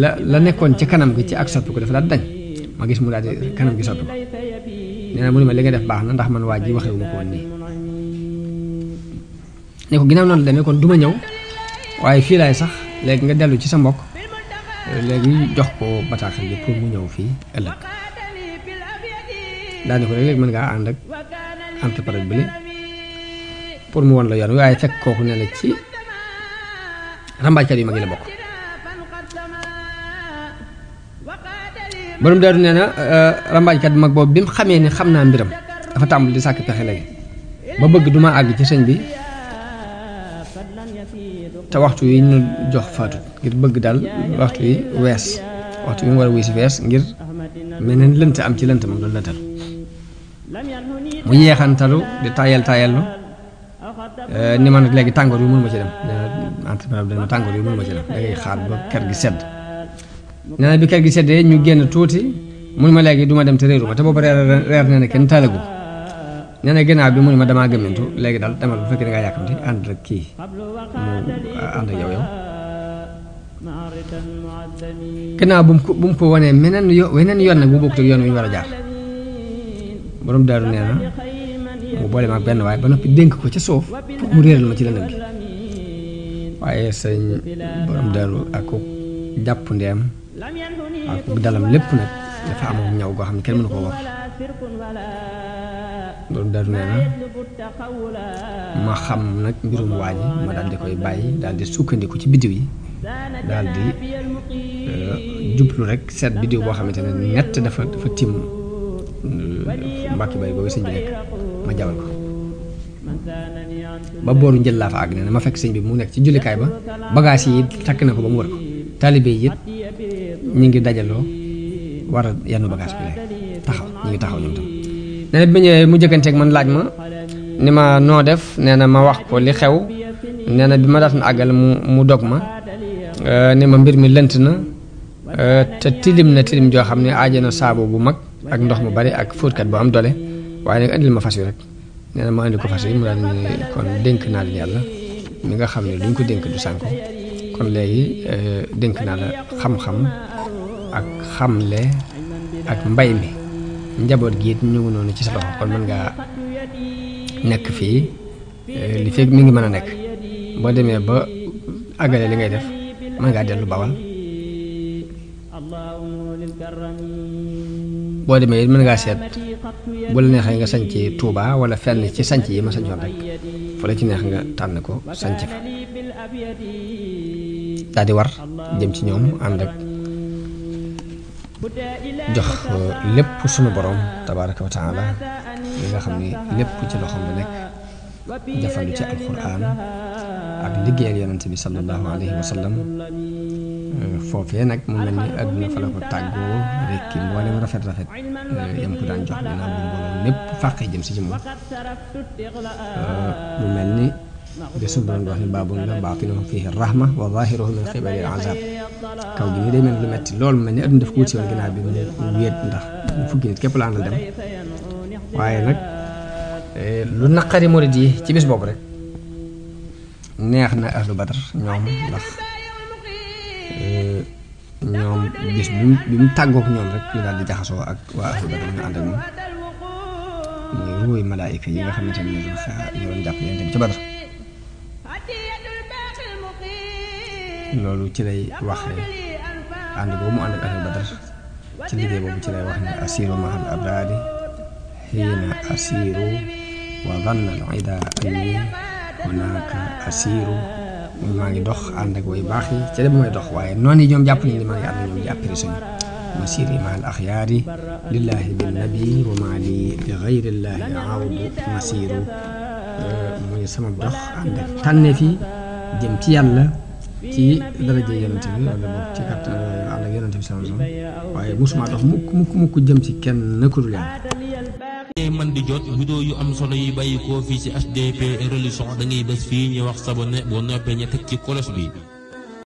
la la nekkoon ci kanam gi ci ak soppi ko dafa daal dañ ma gis mu daal di kanam gi soppi ko nee mu ne ma li nga def baax na ndax man waa ji waxee wu ko woon nii ne ko ginnaaw noonu la demee kon duma ma ñëw. waaye fii laay sax léegi nga dellu ci sa mbokk léegi jox ko bataaxal bi pour mu ñëw fii ëllëg daani ko léeg-léeg mën ngaa ànd ak entrepreneur bi pour mu won la yoon waaye fekk kooku ne la ci rambaajkat yu mag yi la bokk borom daaru nee na euh, rambaajkat mag boobu bi mu xamee ni xam naa mbiram dafa tàmbali di sàkk pexe léegi ba bëgg duma àgg ci sëñ bi te waxtu yi ñu jox faatu ngir bëgg daal waxtu yi wees waxtu yi mu war a weesi wees ngir mel lënt am ci lënt moom loolu la dal mu yeexantalu di tayal tayallu eh, ni man léegi tàngoor yu mënu ma ci dem nee na entrepreneur bi mënu ma ci dem da ngay xaar ba kër gi sedd nee na bi kër gi seddee ñu génn tuuti mun ma léegi du ma dem te réeru ma te booba reer reer nee na kenn taalagu nee na ginnaaw bi mu ne ma damaa gëmmintu léegi daal demal bu fekkee da ngaa yàkkamti ànd ak kii mu ànd ak yow yow ginnaaw bu mu ko bu mu meneen yo yoon nag bu bokkut ak yoon wi ñu war a jaar borom daaru nee na mu boole ak benn waaye ba noppi dénk ko ca suuf mu réeral ma ci la gi waaye sëñ borom daaru ak jàpp ndeem ak dalam lépp nag dafa am ñaw goo xam ne kenn mënu koo wax loolu daru nee na ma xam nag mbirum waa ma daal koy bàyyi daal di sukkandiku ci biddiw yi daal di euh, jublu rek seet biddiw boo xamante ne nett dafa dafa timm euh, mbàkki bay boobu sëñ bi nekk ma jawal ko ba booru njël laa fa àgg nee na ma fekk sëñ bi mu nekk ci jullikaay ba bagage yi takk na ko ba mu wër ko taalibe yi ñu ngi dajaloo war a yenn bagage bi lay taxaw ñu ngi taxaw ñoom tam nee na bi ma man laaj ma ni ma noo def nee na ma wax ko li xew nee na bi ma daat na àggal mu mu dog ma euh, ni ma mbir mi lënt na euh, te tilim na tilim joo xam ne aaje na saabu bu mag ak ndox mu bari ak fóotkat boo am dole waaye nag indil ma fas yu rek nee ma indi ko fas yi mu daal ni kon dénk naa leen yàlla mi nga xam ne duñ ko dénk du sànko kon léegi euh, dénk naa la xam-xam ak xamle ak mbay mi njaboot gi it ñu ngi noonu ci sa loxo kon mën nga nekk fii eh, li feeg mi ngi mën a nekk boo demee ba àggale li ngay def mën ngaa dellu bawal boo demee it mën ngaa seet bu la neexee nga sanc Touba wala fenn ci sanc yi ma sancoon rek fa la ci neex nga tànn ko sanc fa daal di war jëm ci ñoom ànd ak jox lépp sunu borom tabaraka wa taala li nga xam ne lépp ci loxoom la nekk jafandu ci alquran ak liggéeyal yonent bi sallallahu alayhi wa sallam foofee nag mu mel ni àdduna fa la ko tàggoo rekki mboolem rafet rafet yam ko daan jox ginnaaw bu mbooloo lépp fàqee jëm si ci moom mu mel ni بسم الله باب الله باطن فيه الرحمه وظاهره من قبل العذاب كاو دي ديمن لو متي لول ما ني ادن دفكو تي غنا بي ويت ندخ فوكي كيب لا ندم واي نك لو نقاري مريد يي تي بيس بوب رك نيهنا اهل بدر نيوم ندخ نيوم بيس بيم بيم تاغوك نيوم رك ني دالدي جاخاسو اك وا اهل بدر ني اندال ني موي ملائكه يي خا خامتاني ني دوخا يون جاب ني اندي تي بدر loolu ci lay waxee ànd boobu mu ànd ak ahlu badar ci liggéey boobu ci lay wax ne asiru mahal abraari xiina asiru wa vanna al ida anni hunaka maa ngi dox ànd ak way baax yi ci dem may dox waaye noonu yi jàpp nañ ni maa ngi ànd ñoom di apprécié masiri ma al ma li li gayrillahi awdu masiru yi jëm ci yàlla ci daraja yonent bi wala boog ci kàttan bi sallallahu waaye musuma dox mukk mukk mukk jëm ci kenn ku dul yàlla man di jot vidéo yu am solo yi bàyyi koo fii ci HDP religion da ngay bés fii ñu wax sabonné boo noppee ñu teg ci kolos bi